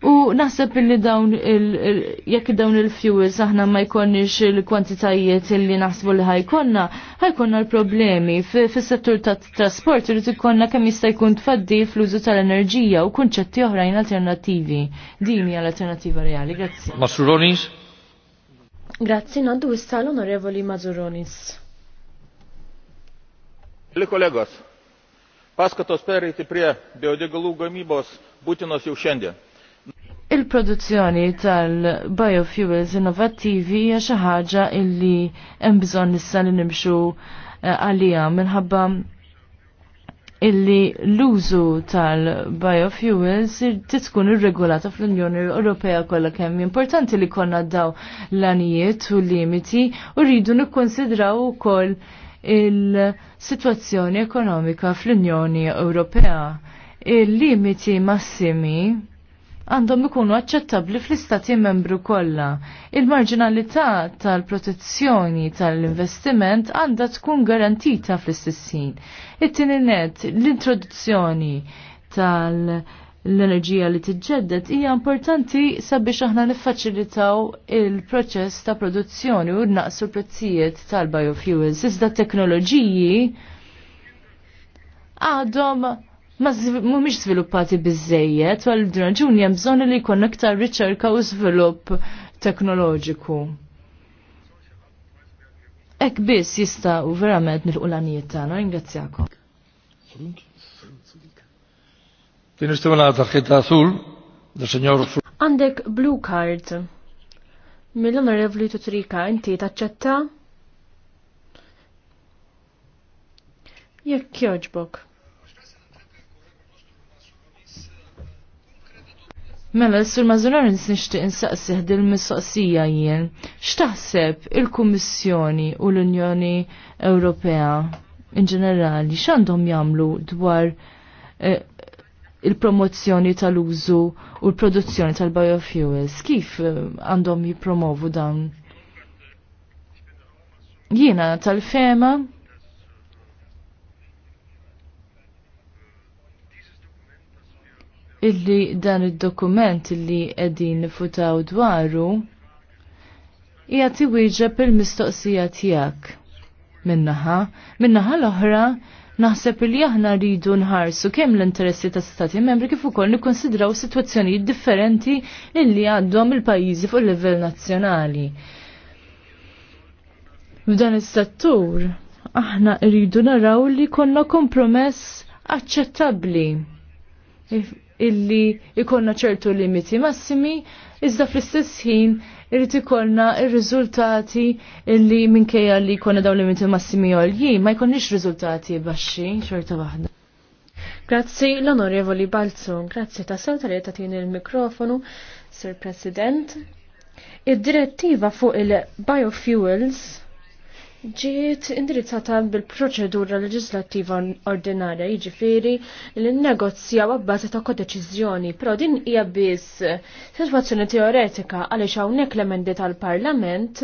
U naħseb illi dawn jekk dawn il-fuels aħna ma jkonniex il-kwantitajiet illi naħsbu li ħajkonna, ħajkonna l-problemi. Fis-settur tat trasport irid ikonna kemm jista' jkun tfaddi fl-użu tal-enerġija u kunċetti oħrajn alternattivi. Din hija l alternativa reali. Grazzi. Mazzuronis? Grazzi, nandu issa onorevoli Mazzuronis. Li kolegos, paskatos perejti prie biodegalų gamybos būtinos jau šiandien Il-produzzjoni tal-biofuels innovattivi hija xi ħaġa illi hemm bżonn issa li nimxu eh, għalija minħabba illi l-użu tal-biofuels tkun irregolata fl-Unjoni Ewropea kollha kemm importanti li konna daw l-anijiet u limiti u rridu nikkonsidraw ukoll il-sitwazzjoni ekonomika fl-Unjoni Ewropea. Il-limiti massimi għandhom ikunu aċċettabbli fl-istati membru kollha. Il-marġinalità tal-protezzjoni tal-investiment għandha tkun garantita fl-istessin. It-tieni net, l-introduzzjoni tal- l-enerġija li tiġġedded hija importanti sabiex aħna niffaċilitaw il-proċess ta' produzzjoni u naqsu prezzijiet tal-biofuels. Iżda t teknoloġiji għadhom ma mhumiex żviluppati biżejjed għal raġuni hemm bżonn li jkun aktar riċerka u żvilupp teknoloġiku. Ek biss jista' u verament nil-qulanijiet tagħna, ringrazzjakom. Kien istimuna ħita sul, Għandek blue card. Mill-onorevli Tutrika, inti taċċetta? Jekk joġbok. Mela, s-sur mażolor nishtiq insaqsiħ dil-mistoqsija jien. X'taħseb il-Kummissjoni u l-Unjoni Ewropea in ġenerali x'għandhom jagħmlu dwar eh, il-promozzjoni tal-użu u l-produzzjoni tal-biofuels? Kif eh, għandhom jippromovu dan? Jiena tal-fema illi dan id-dokument illi qegħdin nifutaw dwaru hija tiwieġeb il-mistoqsija tiegħek. Minnaħa, minnaħa l-oħra naħseb li aħna rridu nħarsu kemm l-interessi ta' stati membri kif ukoll nikkonsidraw sitwazzjonijiet differenti illi għandhom il-pajjiżi fuq livell nazzjonali. F'dan is-settur aħna rridu naraw li konna kompromess aċċettabbli illi ikonna ċertu limiti massimi, iżda fl-istess ħin irrid ikollna ir-riżultati illi minkejja li jkollna dawn limiti massimi għolji, ma jkollniex riżultati baxxi xorta waħda. Grazzi l-Onorevoli Balzu, grazzi ta' sew tal il-mikrofonu, Sir President. Id-direttiva fuq il-biofuels ġiet indirizzata bil-proċedura leġislattiva ordinarja, jiġifieri li nnegozja għabbażi ta' kodeċiżjoni, però din hija biss sitwazzjoni teoretika għaliex hawnhekk l-emendi tal-Parlament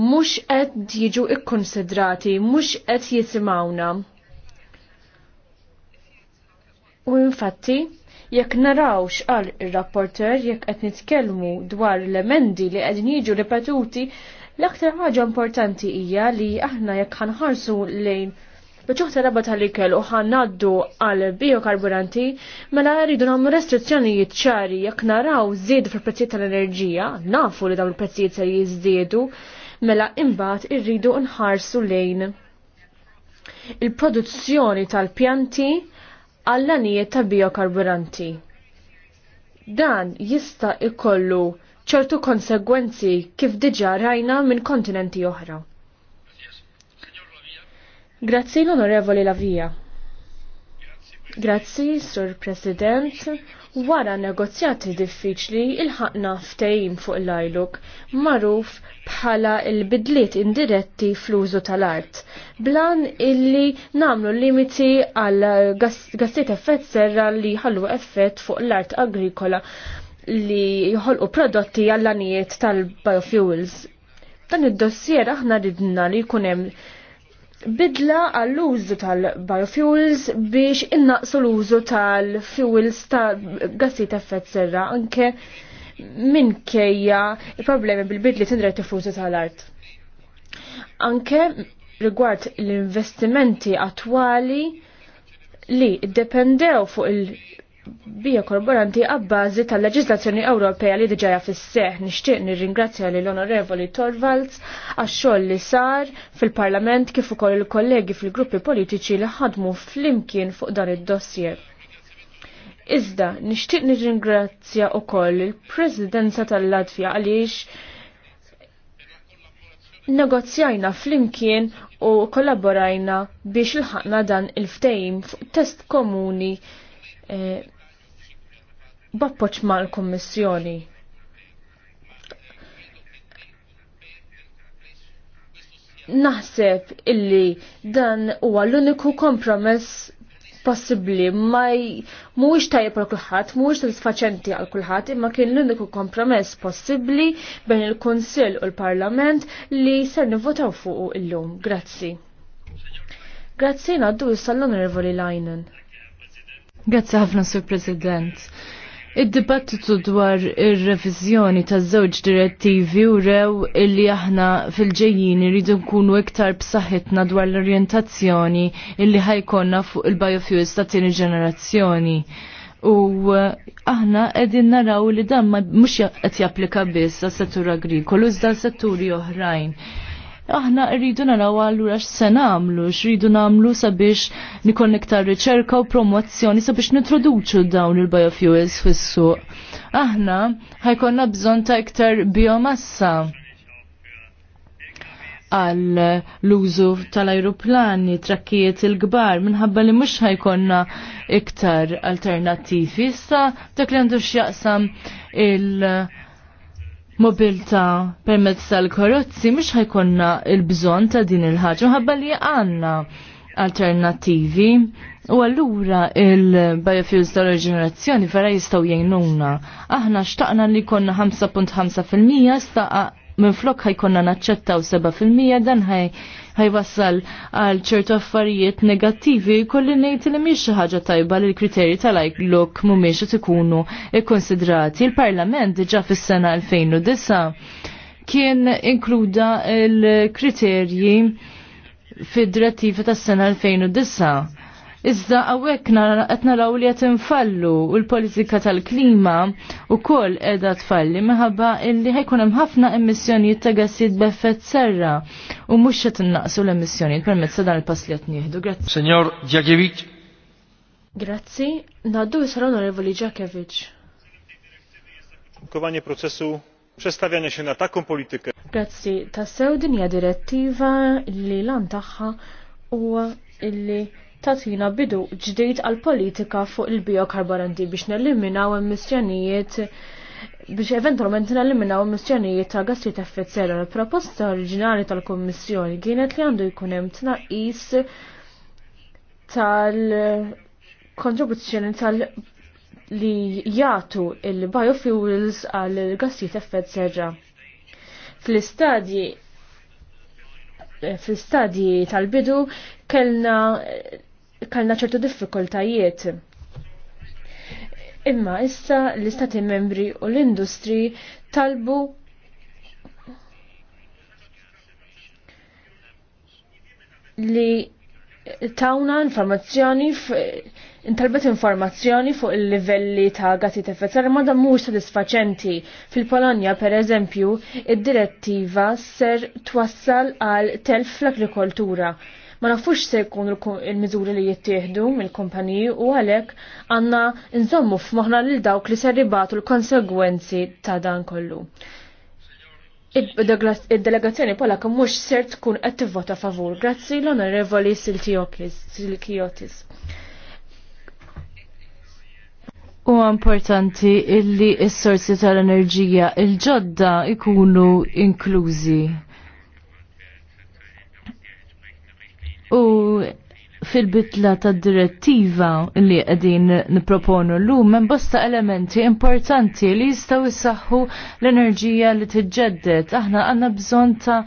mhux qed jiġu ikkonsidrati, mhux qed jisimgħuna. U infatti, jekk narawx għal ir-rapporter jekk qed nitkellmu dwar l-emendi li qegħdin jiġu ripetuti L-aktar ħaġa importanti hija li aħna jekk ħanħarsu lejn Bċuħta rabba tal-ikel u ħannaddu għal biokarburanti, mela rridu nagħmlu restrizzjonijiet ċari jekk naraw żied fil-prezzijiet tal-enerġija, nafu li dawn il-prezzijiet se jizdiedu, mela imbagħad irridu nħarsu lejn il-produzzjoni tal-pjanti għall-anijiet ta' biokarburanti. Dan jista' ikollu ċertu konsegwenzi kif diġa rajna minn kontinenti oħra. Grazzi l-Onorevoli Lavija. Grazzi, Sur President. Wara negozjati diffiċli il-ħakna ftejim fuq l-ajluk, maruf bħala il-bidliet indiretti fl-użu tal-art, blan illi namlu limiti għal gassiet effett serra li ħallu effett fuq l-art agrikola li jħolqu prodotti għall-anijiet tal-biofuels. Dan id-dossier aħna ridna li jkun hemm bidla għall-użu tal-biofuels biex innaqsu l-użu tal-fuels ta' gassi ta' effett serra anke minn kejja problemi bil-bidli tindra tifużu tal-art. Anke rigward l-investimenti attwali li dependew fuq il Bija korboranti għabbażi tal-leġislazzjoni Ewropea li diġaja fis-seħ. Nixtieq nirringrazzja lil onorevoli Torvalds għax-xogħol li sar fil-Parlament kif ukoll il-kollegi fil-gruppi politiċi li ħadmu flimkien fuq dan id-dossier. Iżda nixtieq nirringrazzja ukoll il-Presidenza tal-Latvja għaliex negozjajna flimkien u kollaborajna biex ilħaqna dan il ftejm fuq test komuni eh, b'appoġġ l kummissjoni Naħseb illi dan huwa l-uniku kompromess possibbli ma mhuwiex tajjeb għal kulħadd, mhuwiex satisfaċenti għal kulħadd, imma kien l-uniku kompromess possibbli bejn il-Kunsill u l-Parlament li ser nivvotaw fuq illum. Grazzi. Grazzi ngħaddu issa l-Onorevoli Lajnen. Grazzi ħafna Sur President. Id-dibattitu dwar ir-reviżjoni taż-żewġ direttivi u rew illi aħna fil-ġejjin irridu nkunu iktar b'saħħitna dwar l-orjentazzjoni illi ħajkonna fuq il-biofuels ta' tieni ġenerazzjoni. U uh, aħna qegħdin naraw li dan mhux qed japplika biss għas-settur agrikolu iżda setturi oħrajn aħna rridu naraw allura x'se nagħmlu, x'ridu nagħmlu sabiex nikonnekta riċerka u promozzjoni sabiex nintroduċu dawn il-biofuels fis-suq. Aħna ħajkonna bżonn ta' iktar biomassa għal l-użu tal-ajruplani, trakkijiet il-gbar, minħabba li mux ħajkonna iktar alternattivi. Issa dak li għandu x'jaqsam il- mobilta permezz tal-karozzi mhux ħajkonna il-bżonn ta' din il-ħaġa minħabba li għandna alternattivi u allura il-biofuels tal-reġenerazzjoni vera jistgħu jgħinuna. Aħna xtaqna li konna 5.5% staqa minn flok ħajkonna naċċettaw 7% dan ħaj ħajwassal għal ċertu affarijiet negattivi kolli ngħid li mhix xi ħaġa tajba li l-kriterji tal-ajlok mhumiex qed ikunu ikkonsidrati. Il-Parlament diġà fis-sena 2009 kien inkluda l-kriterji fid-direttiva tas-sena 2009 Iżda għawek qed naraw li qed infallu u l-politika tal-klima wkoll qiegħda tfalli minħabba illi ħajkun hemm ħafna emissjonijiet ta' gassijiet b'effet serra u mhux qed innaqsu l emissjoni permezz ta' dan il-pass li qed nieħdu. Grazie. Senjor Djakevic. Grazzi, ngħaddu isra onorevoli Djakevic. Kowanie procesu przestawiania się na taką politykę. Grazzi, tassew din hija direttiva li lan tagħha huwa illi tatina bidu ġdid għal politika fuq il-biokarburanti biex neliminaw emissjonijiet biex eventualment nelliminaw emissjonijiet ta' gassi ta' effett serra. Il-proposta oriġinali tal-Kommissjoni kienet li għandu jkun hemm tnaqqis tal-kontribuzzjoni tal li jagħtu il-biofuels għal gassi ta' effett serra. Fl-istadji fl-istadji tal-bidu kellna kalna ċertu diffikultajiet. Imma issa l-istati membri u l-industri talbu li tawna informazzjoni intalbet informazzjoni fuq il-livelli ta' gati teffezzar ma da' mux sodisfaċenti. Fil-Polonja pereżempju id-direttiva ser twassal għal telf fl-agrikoltura ma nafux se jkun il-miżuri li jittieħdu mill-kumpaniji u għalhekk għandna nżommu f'moħħna lil dawk li ser ribatu l-konsegwenzi ta' dan kollu. Id-delegazzjoni pola kemm mhux ser tkun qed tivvota favur. Grazzi l-Onorevoli Silkiotis. U importanti illi s-sorsi tal-enerġija il-ġodda ikunu inklużi U fil-bitla ta' direttiva li għedin niproponu l-lum, men bosta elementi importanti li jistaw jisaxħu l-enerġija li t-ġeddet. Aħna għanna bżon ta'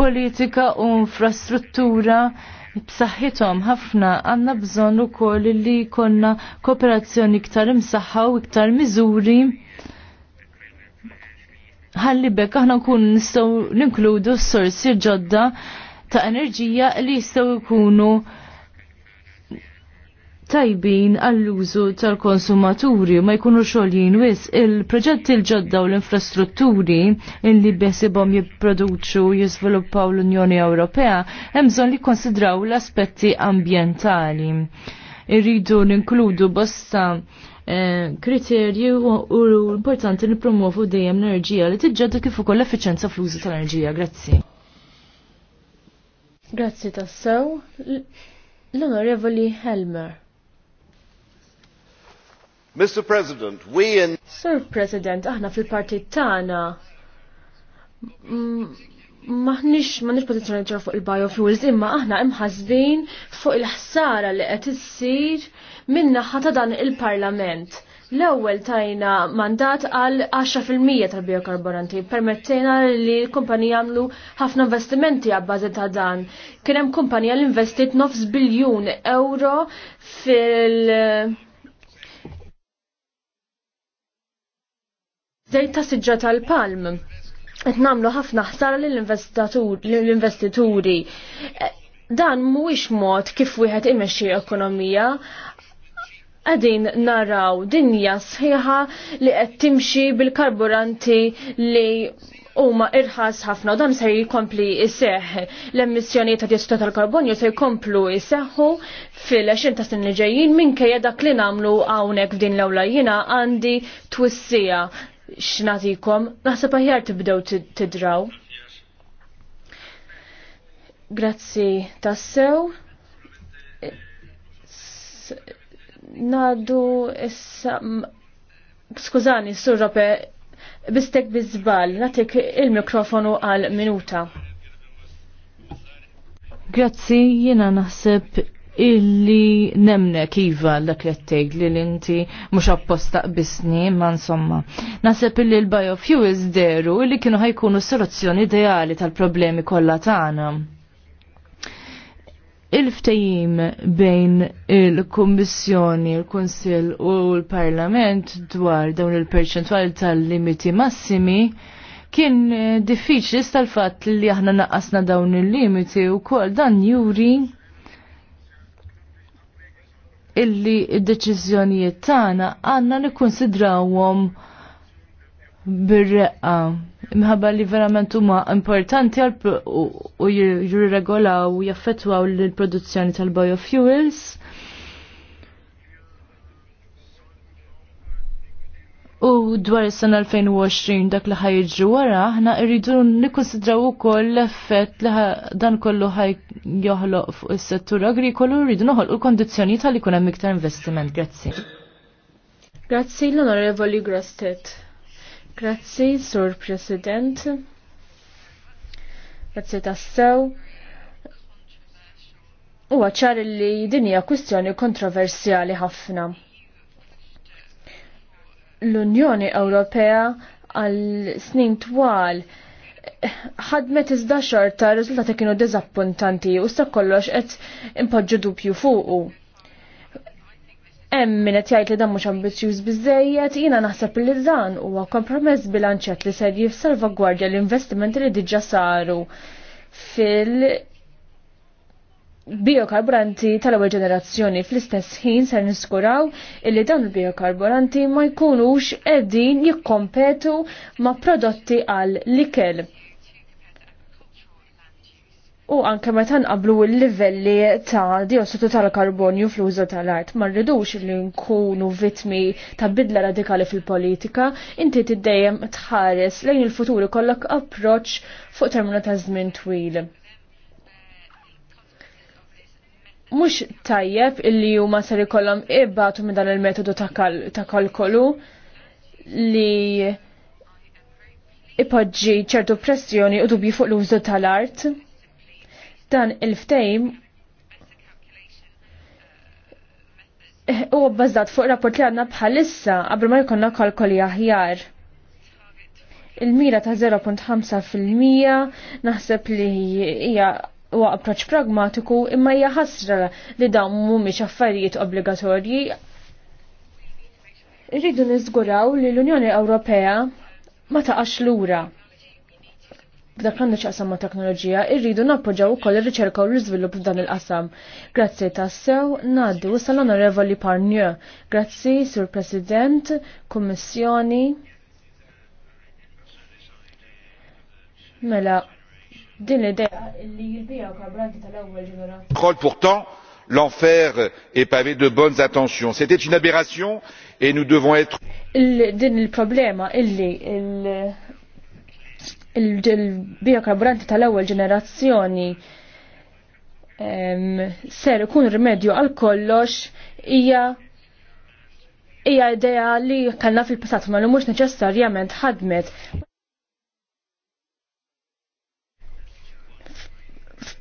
politika u infrastruttura b'saħħithom ħafna għanna bżon u koll li konna kooperazzjoni iktar imsaħħa u iktar miżuri ħalli bekk aħna nkun nistgħu ninkludu s-sorsi ġodda ta' enerġija li jistgħu jkunu tajbin għall-użu tal-konsumaturi ma jkunu xogħlin wis il-proġetti l-ġodda u l-infrastrutturi illi besibhom jipproduċu jiżviluppaw l-Unjoni Ewropea hemm bżonn li konsidraw l-aspetti ambjentali. Irridu ninkludu bosta eh, kriterju u l-importanti li dejjem l-enerġija li tiġġodda kif ukoll l-effiċenza fl-użu tal-enerġija. Grazzi. Grazzi tassew. L-Onorevoli Helmer. Mr. President, we in... Sir President, aħna fil-partit tagħna maħnix maħnix pozizjoni ġara fuq il-biofuels imma aħna imħazbin fuq il-ħsara li qed issir minna ħata dan il-Parlament L-ewwel tajna mandat għal 10% tal-biokarburanti, permettejna li l-kumpanija għamlu ħafna investimenti għabbażi ta' dan. Kien hemm kumpanija li investit 9 biljun euro fil- Zejt ta' siġġa tal-palm. Qed nagħmlu ħafna ħsara lill-investituri dan mhuwiex mod kif wieħed imexxi ekonomija għadin naraw dinja sħiħa li qed timxi bil-karburanti li huma irħas ħafna u dan se jkompli jseħ l-emissjoni ta' diossidu tal-karbonju se jkomplu jseħħu fil-20 ta' snin li ġejjin minkejja dak li nagħmlu hawnhekk f'din l-ewla għandi twissija x'nagħtikom naħseb aħjar tibdew tidraw. Grazzi tassew. Nadu issa skużani, Sur Rope, bistek bizbal, natik il-mikrofonu għal minuta. Grazzi, jina naħseb illi nemne kiva dak li li l-inti mux apposta bisni, ma insomma. Naħseb illi l-biofuels deru illi kienu ħajkunu soluzzjoni ideali tal-problemi kollha tagħna il ftajim bejn il-Kommissjoni, il-Konsil u l-Parlament dwar dawn il-perċentwal tal-limiti massimi kien eh, diffiċli tal-fatt li aħna naqqasna dawn il-limiti u kol dan juri illi id-deċizjonijiet tagħna għandna nikkonsidrawhom il birreqqa. Mħabba li verament huma importanti għal u jirregolaw u jaffetwaw l-produzzjoni tal-biofuels. U dwar is-sena 2020 dak li ħajġu wara, aħna rridu nikkonsidraw ukoll l-effett li dan kollu ħaj joħloq fuq is-settur agrikolu rridu noħolqu l-kondizzjoni tal-ikun hemm iktar investiment. Grazzi. Grazzi l-Onorevoli Grastet. Grazzi, Sur President. Grazzi tassew. U għacħar li dinja kwistjoni kontroversjali ħafna. L-Unjoni Ewropea għal snin twal ħadmet iżda xorta riżultati kienu dizappuntanti u sta kollox qed impoġġu dubju fuqu. Hemm min qed jgħid li dan mhux ambizzjuż biżejjed, jiena naħseb li dan huwa kompromess bilanċett li ser jissalvagwardja l-investimenti li diġà saru fil biokarburanti tal-ewwel ġenerazzjoni fl-istess ħin ser niskuraw illi dawn il-biokarburanti ma jkunux qegħdin jikkompetu ma' prodotti għal likel. U anke meta nqablu l-livelli ta' diossidu tal-karbonju fl-użu tal-art, ma rridux li nkunu vitmi ta' bidla radikali fil-politika, inti tiddejjem tħares lejn il-futuri kollok approċ fuq termina ta' żmien twil. Mhux tajjeb illi huma ser ikollhom ibatu minn dan il-metodu ta' kalkolu li ipoġġi ċertu pressjoni u dubji fuq l-użu tal-art Dan il-ftejm u bbażat fuq rapport li għandna bħalissa qabel ma jkollna kalkoli aħjar. Il-mira ta' 0.5% naħseb li hija huwa approċ pragmatiku imma hija ħasra li dawn mhumiex affarijiet obbligatorji. Irridu niżguraw li l-Unjoni Ewropea ma taqax lura F'dak għandna għandu ċaqsam ma' teknoloġija, irridu nappoġaw u koll il riċerka u l izvilup f'dan il-qasam. Grazzi ta' sew, naddi u sal-onorevoli parnju. Grazzi, Sur President, Kommissjoni. Mela, din l-idea li jirbija u karburanti tal-ewwel ġenerazzjoni. Kol pourtant, l'enfer est pavé de bonnes intentions. C'était une aberration et nous devons être. Le problème, il-problema illi il-biokarburanti tal-ewwel ġenerazzjoni ser ikun rimedju għal kollox hija hija idea li kellna fil-passat ma li mhux neċessarjament ħadmet.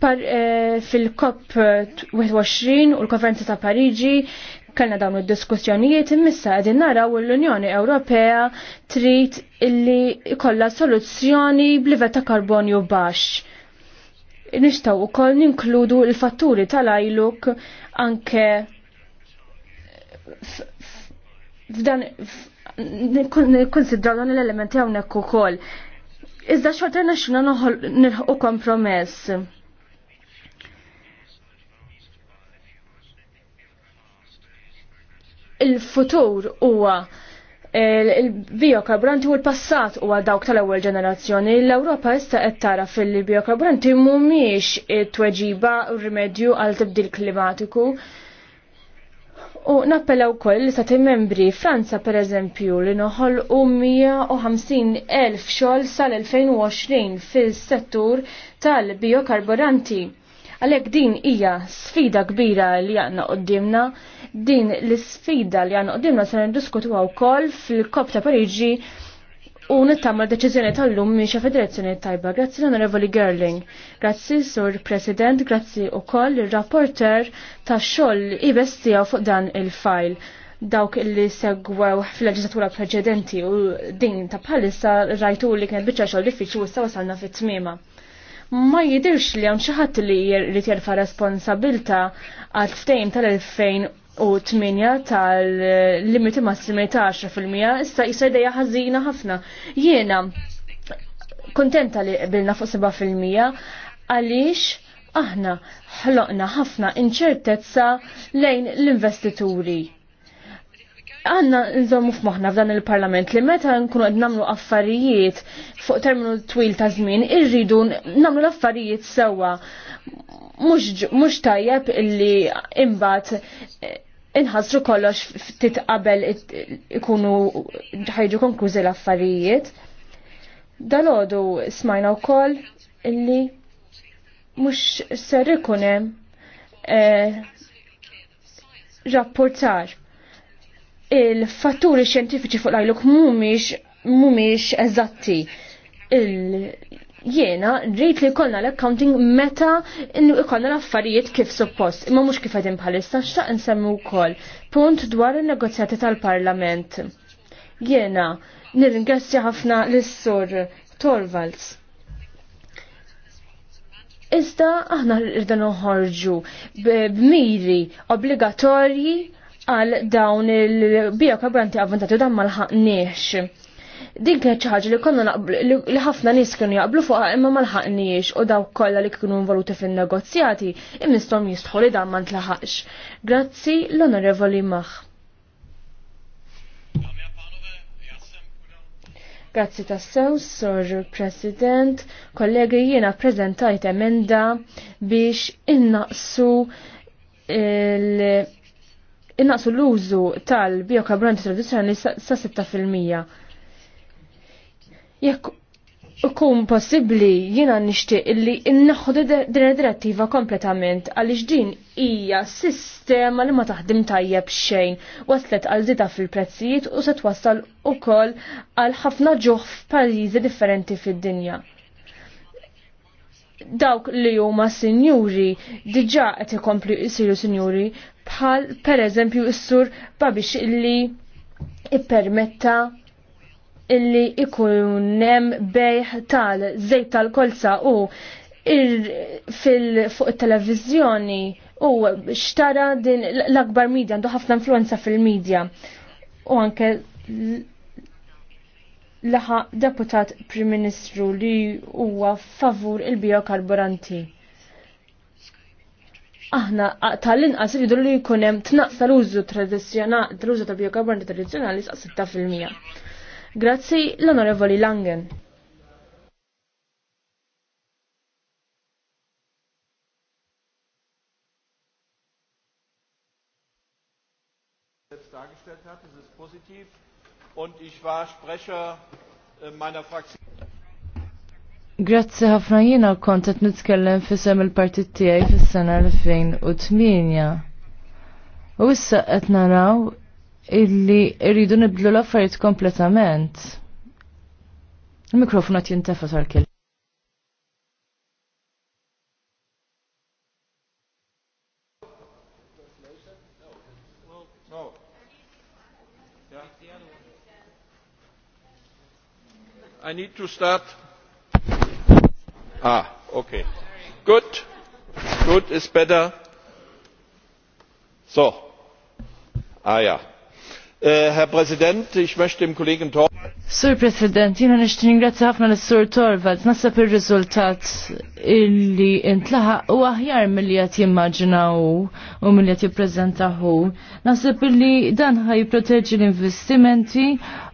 Eh, fil-COP 21 u l-konferenza ta' Pariġi kellna dawn id-diskussjonijiet imissa qegħdin naraw l-Unjoni Ewropea trid illi ikollha soluzzjoni b'livell ta' karbonju baxx. Nixtaw ukoll ninkludu l-fatturi tal-ajluk anke f'dan nikkonsidraw dan l-elementi hawnhekk ukoll. Iżda xorta nexxuna noħol kompromess. il-futur huwa il-biokarburanti u l-passat huwa dawk tal-ewwel ġenerazzjoni. L-Ewropa issa qed tara fil-biokarburanti mhumiex it-tweġiba u rimedju għal tibdil klimatiku. U nappella wkoll li stati membri Franza per eżempju li noħol u 150 elf xogħol sal-2020 fil-settur tal-biokarburanti. Għalhekk din hija sfida kbira li għanna qoddimna, din l-sfida li għanna qoddimna se niddiskutuha wkoll fil-Kop ta' Parigi u nittamma deċiżjoni tal-lum miexa federazzjoni tajba. Grazzi l-Onorevoli Gerling, grazzi Sur President, grazzi u koll il-rapporter ta' xoll ibestijaw fuq dan il-fajl dawk li segwew fil-leġislatura preċedenti u din ta' bħalissa rajtu li kienet biċċa xogħol diffiċli u issa wasalna fit tmima ma jidirx li għam xi ħadd li jirrit jerfa' responsabilta għal ftejn tal-2008 tal-limiti massimi ta' 10% issa jista' idejja ħażina ħafna. Jiena kontenta li qbilna fuq 7% għaliex aħna ħloqna ħafna inċertezza lejn l-investituri għanna nżommu f'moħna f'dan il-parlament li meta nkunu għed namlu affarijiet fuq terminu twil ta' żmien irridu namlu l-affarijiet sewa mhux tajjeb illi imbagħad eh, inħassru kollox ftit qabel ikunu ħajġu konklużi l-affarijiet. Dalodu smajna wkoll illi mhux ser ikun hemm eh, rapportar il-fatturi xjentifiċi fuq lajluk mumiex mumiex eżatti. Jiena rrit li kollna l-accounting meta kollna l-affarijiet kif suppost, imma mhux kif qegħdin bħalissa xtaq nsemmu wkoll punt dwar in-negozjati tal-Parlament. Jiena nirringrazzja ħafna lis-sur Torvalds. Iżda aħna rridu noħorġu b'miri obbligatorji għal dawn il bija kabranti avventati dan malħaqniex. Din kienet xi ħaġa li konna li ħafna nies kienu jaqblu fuqha imma malħaqniex u dawk kollha li kienu involuti fin-negozjati imistom jistħu li dan ma ntlaħaqx. Grazzi l-Onorevoli Mach. Grazzi tassew, Sor President, kollegi jiena prezentajt emenda biex innaqsu il- innaqsu l-użu tal-biokarburanti tradizjonali sa' 6%. Jekk ikun possibbli jiena nixtieq illi innaħħu din id-direttiva kompletament għaliex din hija sistema li ma taħdim tajjeb xejn waslet għal zita fil-prezzijiet u se twassal ukoll għal ħafna ġuħ f'pajjiżi differenti fid-dinja dawk li huma sinjuri diġà qed ikomplu jsiru sinjuri bħal per eżempju s-sur babiex illi ippermetta illi ikunem bejħ tal zejt tal-kolza u fil-fuq il-televizjoni u xtara din l-akbar media għandu ħafna influenza fil-medja u anke laħa deputat prim ministru li huwa favur il-biokarburanti aħna tal-inqas in jidru li jkunem hemm tnaqs tal-użu tradizjonali, tal-użu tal-biokarburanti tradizzjonali sa' 6%. Grazzi l-Onorevoli Langen. Und ich war Sprecher äh, meiner Fraktion. Grazzi ħafna jiena kont qed nitkellem fisem il-partit tiegħi fis-sena 2008. U issa qed naraw illi rridu nibdlu l-affarijiet kompletament. Il-mikrofon qed jintefa' tal-kelm. I need to start Ah, okay. Good. Good is better. So. Ah ja. Äh, Herr Präsident, ich möchte dem Kollegen Tor Sur President, jina nishtin ingrazzi ħafna l-Sur Torvald, nasab il-rizultat illi intlaħa u aħjar mill-li għat jimmaġinaw u mill-li għat jiprezentaħu. Nasab illi dan ħaj proteġi l-investimenti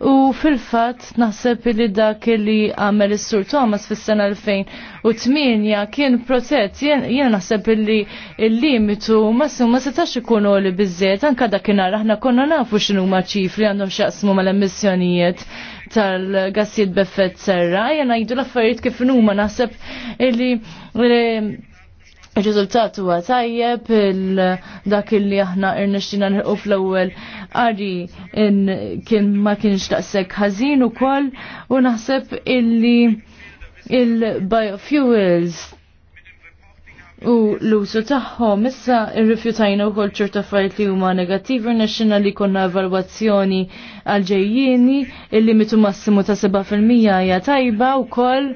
u fil-fat nasab illi dak illi għamel il-Sur Thomas fil sena 2000 u tminja kien proċett jiena naħseb illi il-limitu massimu ma setax ikun li biżżejjed anke dakinhar aħna konna nafu x'inhuma ċifri għandhom x'jaqsmu mal-emissjonijiet tal-gassijiet beffet serra, jena jgħidu l-affarijiet kif numa naħseb illi il-rizultat huwa tajjeb dak illi aħna irnexxina nħu fl-ewwel qari kien ma kienx taqsek ħażin ukoll u naħseb illi il-biofuels u l-użu tagħhom issa u wkoll ċerta affarijiet li huma negattivi rnexxinna li konna evalwazzjoni għal ġejjieni il-limitu massimu ta' 7% hija tajba wkoll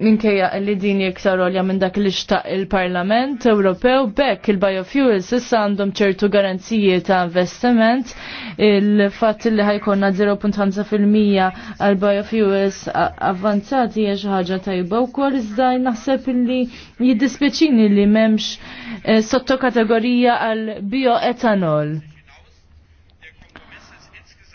minkejja li din iktar olja minn dak li xtaq il-Parlament Ewropew bekk il-biofuels issa għandhom ċertu garanziji ta' investiment il fat li ħajkonna 0.5% għal biofuels avvanzati hija xi ħaġa tajba wkoll iżda naħseb li jiddispjaċini li m'hemmx eh, sottokategorija għal bioetanol.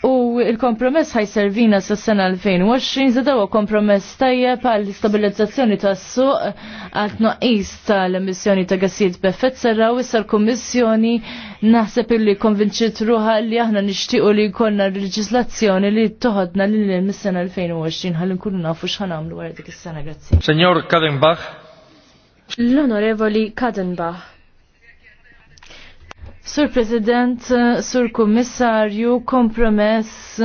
U il-kompromess ħajservina s sena 2020, zadawa kompromess tajjeb għal stabilizzazzjoni ta' suq għal tnaqis tal-emissjoni ta' gassijiet b'effett serra u s l-Kommissjoni naħseb illi konvinċit ruħa li aħna nixtiequ li jkollna l-leġislazzjoni li toħodna lil mis-sena 2020 ħalli nkunu nafu x'ħanamlu wara dik is-sena grazzi. Senjor Kadenbach. L-Onorevoli Kadenbach. Sur President, Sur Kommissarju, kompromess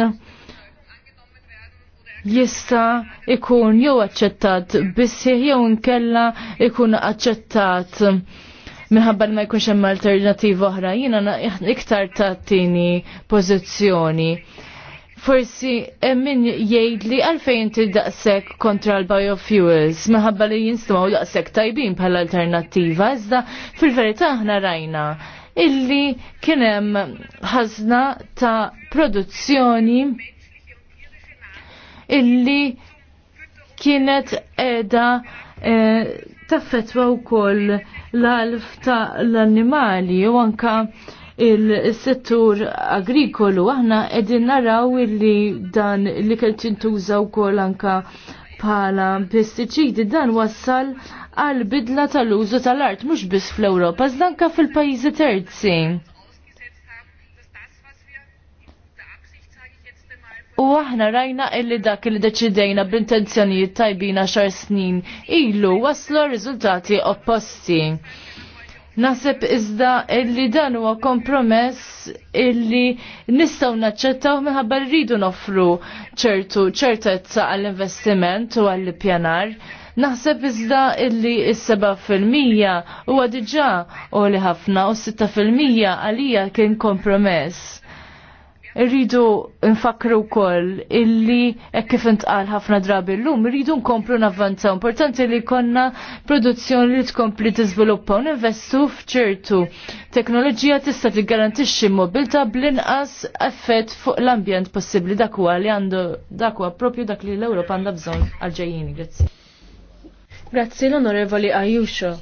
jista ikun jew aċċettat bissi jew nkella ikun aċċettat minħabba li ma jkunx hemm alternattiva oħra. Jiena iktar tattini pożizzjoni forsi min jgħid li għalfejn inti daqsek kontra l-biofuels, minħabba li jinstmaw daqsek tajbin bħala alternattiva, iżda fil-verità aħna rajna illi kienem ħazna ta' produzzjoni illi kienet edha e, taffetwa u koll l-alf ta' l-animali u anka il-settur agrikolu aħna edin naraw illi dan li kelċintuża u koll anka bħala pesticidi dan wassal għal bidla tal-użu tal-art mhux biss fl-Ewropa, iżda fil-pajjiżi terzi. U aħna rajna illi dak li deċidejna b'intenzjonijiet tajbina xar snin ilu waslu riżultati opposti. Naseb iżda illi dan huwa kompromess illi nistgħu naċċettaw minħabba rridu noffru ċertu ċertezza għall-investiment u għall-pjanar. Naħseb iżda illi fil-mija u huwa diġà li ħafna u s fil-mija għalija kien kompromess. Rridu nfakru wkoll illi hekk kif intqal ħafna drabi llum, rridu nkomplu navvanzaw. Importanti li konna produzzjoni li tkompli tiżviluppa u investu f'ċertu teknoloġija tista' tiggarantixxi mobilta bl-inqas effett fuq l-ambjent possibbli dakwa li għandu dakwa propju dak li l-Ewropa għandha bżonn għal ġejjini. Grazzi. Grazzi l-Onorevoli Ayusho.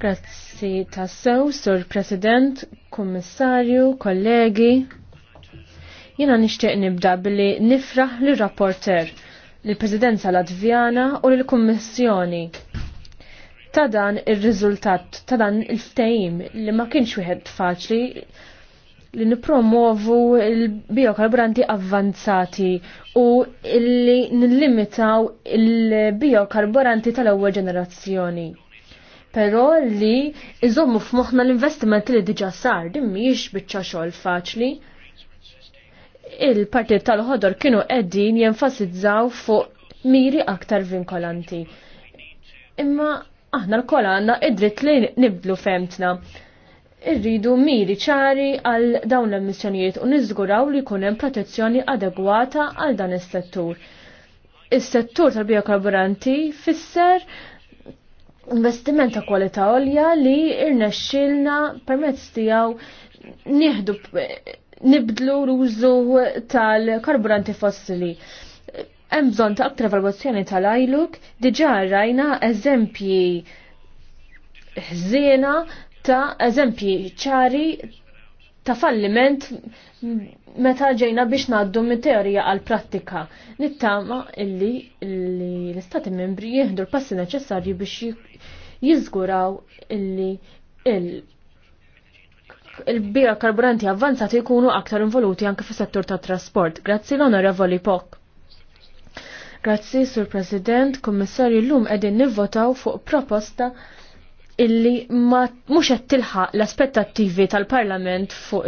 Grazzi tassew, Sur President, Kommissarju, kollegi. Jena nishtiq nibda billi nifraħ li rapporter l-Presidenza Latvjana u l-Kommissjoni. Ta' dan il-riżultat, ta' dan il ftajim li ma kienx wieħed faċli li nipromovu il-biokarburanti avvanzati u li nillimitaw il-biokarburanti tal-ewwel ġenerazzjoni. Però li iżommu f'moħħna l-investimenti li diġà sar din mhijiex biċċa xogħol faċli. Il-partit tal-ħodor kienu qegħdin jenfasizzaw fuq miri aktar vinkolanti. Imma aħna l kola għandna id-dritt li nibdlu femtna irridu miri ċari għal dawn l-emissjonijiet u niżguraw li jkun hemm protezzjoni adegwata għal dan is-settur. Is-settur tal-biokarburanti fisser investiment ta' kwalità għolja li irnexxilna permezz tiegħu nieħdu nibdlu l-użu tal-karburanti fossili hemm bżonn ta' aktar evalwazzjoni tal-ajluk, diġà rajna eżempji ħżiena ta' eżempji ċari ta' falliment meta ġejna biex naddu mit teorija għal prattika. Nittama illi l-istati membri jihdu l-passi neċessarji biex jizguraw illi il-bija karburanti avvanzati jkunu aktar involuti anke fis settur tat trasport. Grazzi l-onorevoli Pok. Grazzi, Sur President, Kommissarju, l-lum edin nivvotaw fuq proposta illi ma mhux qed tilħaq l-aspettattivi tal-Parlament fuq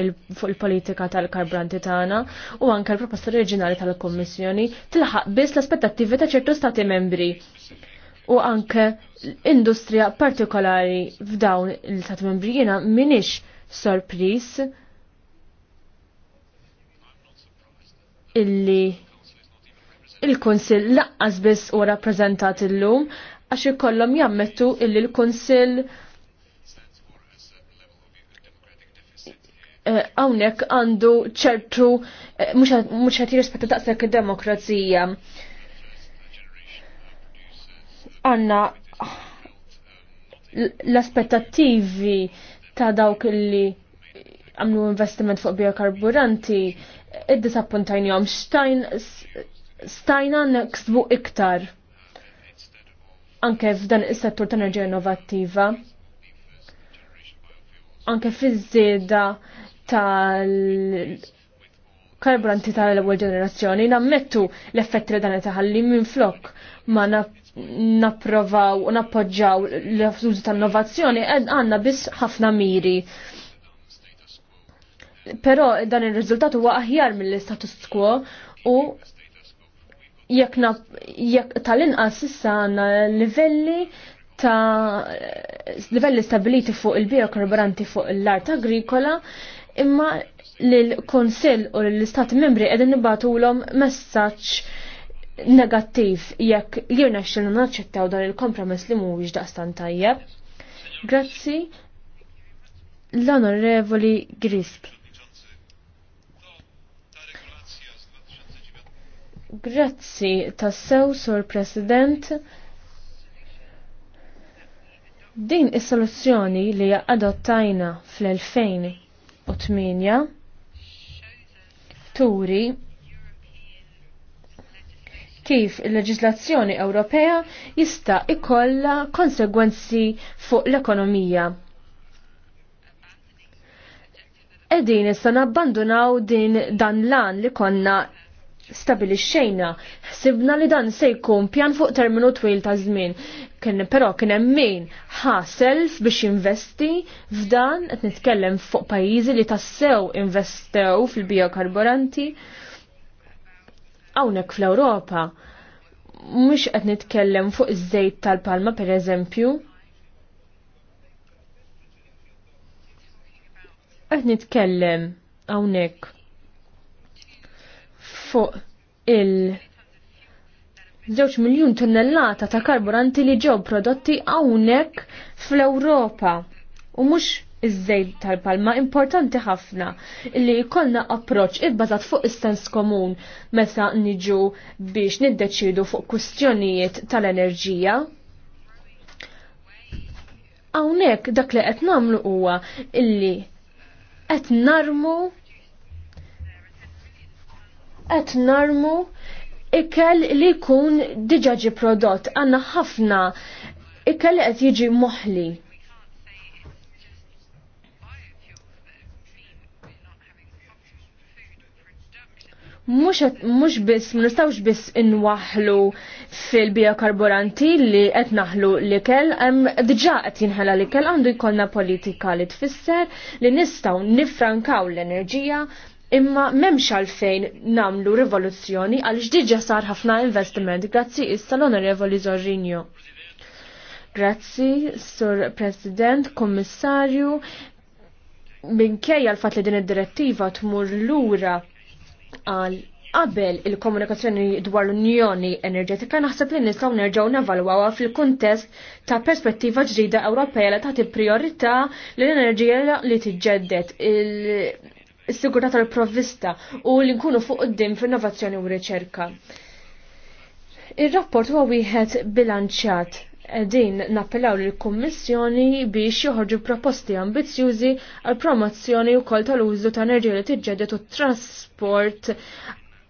il-politika tal-karbranti tagħna u anke l-proposta reġinali tal-Kommissjoni tilħaq biss l-aspettattivi ta' ċertu stati membri u anke industrija partikolari f'dawn l-stati membri jiena minix sorpris illi il-Konsil laqqas biss u rappreżentat illum għax ikollhom jammettu illi l-Kunsill eh, hawnhekk għandu ċertu eh, mhux qed jirrispetta daqshekk id-demokrazija. Għandna l-aspettattivi ta' dawk li għamlu investiment fuq biokarburanti id-disappuntajnjom stajna neksbu iktar anke f'dan is-settur ta' enerġija innovattiva, anke fiż-żieda tal-karburanti tal-ewwel ġenerazzjoni, nammettu l-effetti li dan itaħalli minn flok ma napprovaw u nappoġġaw l-użu tan innovazzjoni għandna biss ħafna miri. Però dan ir-riżultat huwa aħjar mill-status quo u jekk jekk tal-inqas issa għandna livelli ta' livelli stabiliti fuq il-biokarburanti fuq l-art agrikola imma l-Konsil u l-Istati membri qegħdin nibatulhom messaġġ negattiv jekk jirna xilna naċċettaw dan il-kompromess li mhuwiex daqstan tajjeb. Grazzi l-Onorevoli Grisp. Grazzi tassew, Sur President. Din is-soluzzjoni li adottajna fl-2008 turi kif il-leġislazzjoni Ewropea jista' ikollha konsegwenzi fuq l-ekonomija. Edin issa nabbandunaw din dan lan li konna stabilixxejna, ħsibna li dan se jkun pjan fuq terminu twil ta' żmien. Kien però kien hemm min ħasel biex investi f'dan qed nitkellem fuq pajjiżi li tassew investew fil-biokarburanti. Hawnhekk fl-Ewropa mhux qed nitkellem fuq iż-żejt tal-palma pereżempju. Qed nitkellem hawnhekk fuq il- Zewċ miljun tonnellata ta' karburanti li ġew prodotti hawnhekk fl-Ewropa u mhux iż-żejt tal-palma importanti ħafna li jkollna approċċ ibbażat fuq is-sens komun meta niġu biex niddeċidu fuq kwistjonijiet tal-enerġija. Hawnhekk dak li qed nagħmlu huwa illi qed narmu qed narmu ikel li jkun diġaġi ġi prodott. Għandna ħafna ikel li qed jiġi moħli. mux biss, nistawx biss inwaħlu fil-biokarburanti li qed naħlu l-ikel, diġa qed jinħela l-ikel għandu jkollna politika li tfisser li nistaw nifrankaw l-enerġija Imma memx għalfejn namlu rivoluzzjoni għal ġdiġa sar ħafna investiment grazzi issa l-onorevoli Zorrinjo. Grazzi, Sur President, Kommissarju, minkejja l-fat li din id-direttiva tmur lura għal qabel il-komunikazzjoni dwar l-Unjoni Enerġetika naħseb li nistgħu nerġgħu nevalwawha fil-kuntest ta' perspettiva ġdida Ewropea li tagħti priorità l-enerġija li tiġġedded s-sigurta tal-provvista u li nkunu fuq f-innovazzjoni u riċerka. Ir-rapport huwa wieħed bilanċjat din nappellaw lill-Kummissjoni biex joħorġu proposti ambizzjużi għal promozzjoni wkoll tal-użu ta' enerġija li tiġġedet u trasport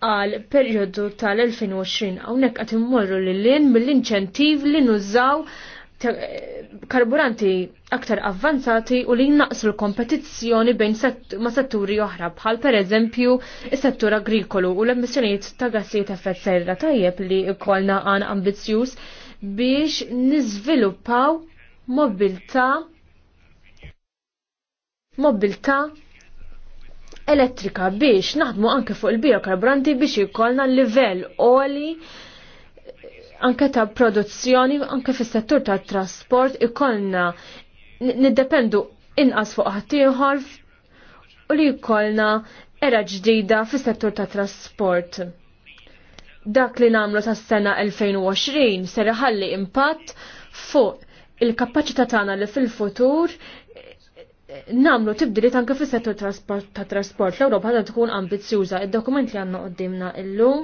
għal perjodu tal-2020 hawnhekk qed immorru lil mill-inċentiv li nużaw karburanti aktar avvanzati u li naqsu l-kompetizzjoni bejn ma setturi oħra bħal per eżempju is-settur agrikolu u l-emissjonijiet ta' gassijiet effett serra tajjeb li kolna għan ambizzjuż biex niżviluppaw mobilta mobilta elettrika biex naħdmu anke fuq il-biokarburanti biex jkollna livell oli anke ta' produzzjoni, anke fis-settur tat trasport ikollna niddependu inqas fuq ħaddieħor u li jkollna era ġdida fis-settur tat trasport. Dak li nagħmlu tas-sena 2020 ser iħalli impatt fuq il-kapaċità tagħna li fil-futur namlu tibdili anke fis settur ta' trasport l-Ewropa għadha tkun ambizzjuża. Id-dokument li għandna qoddimna illum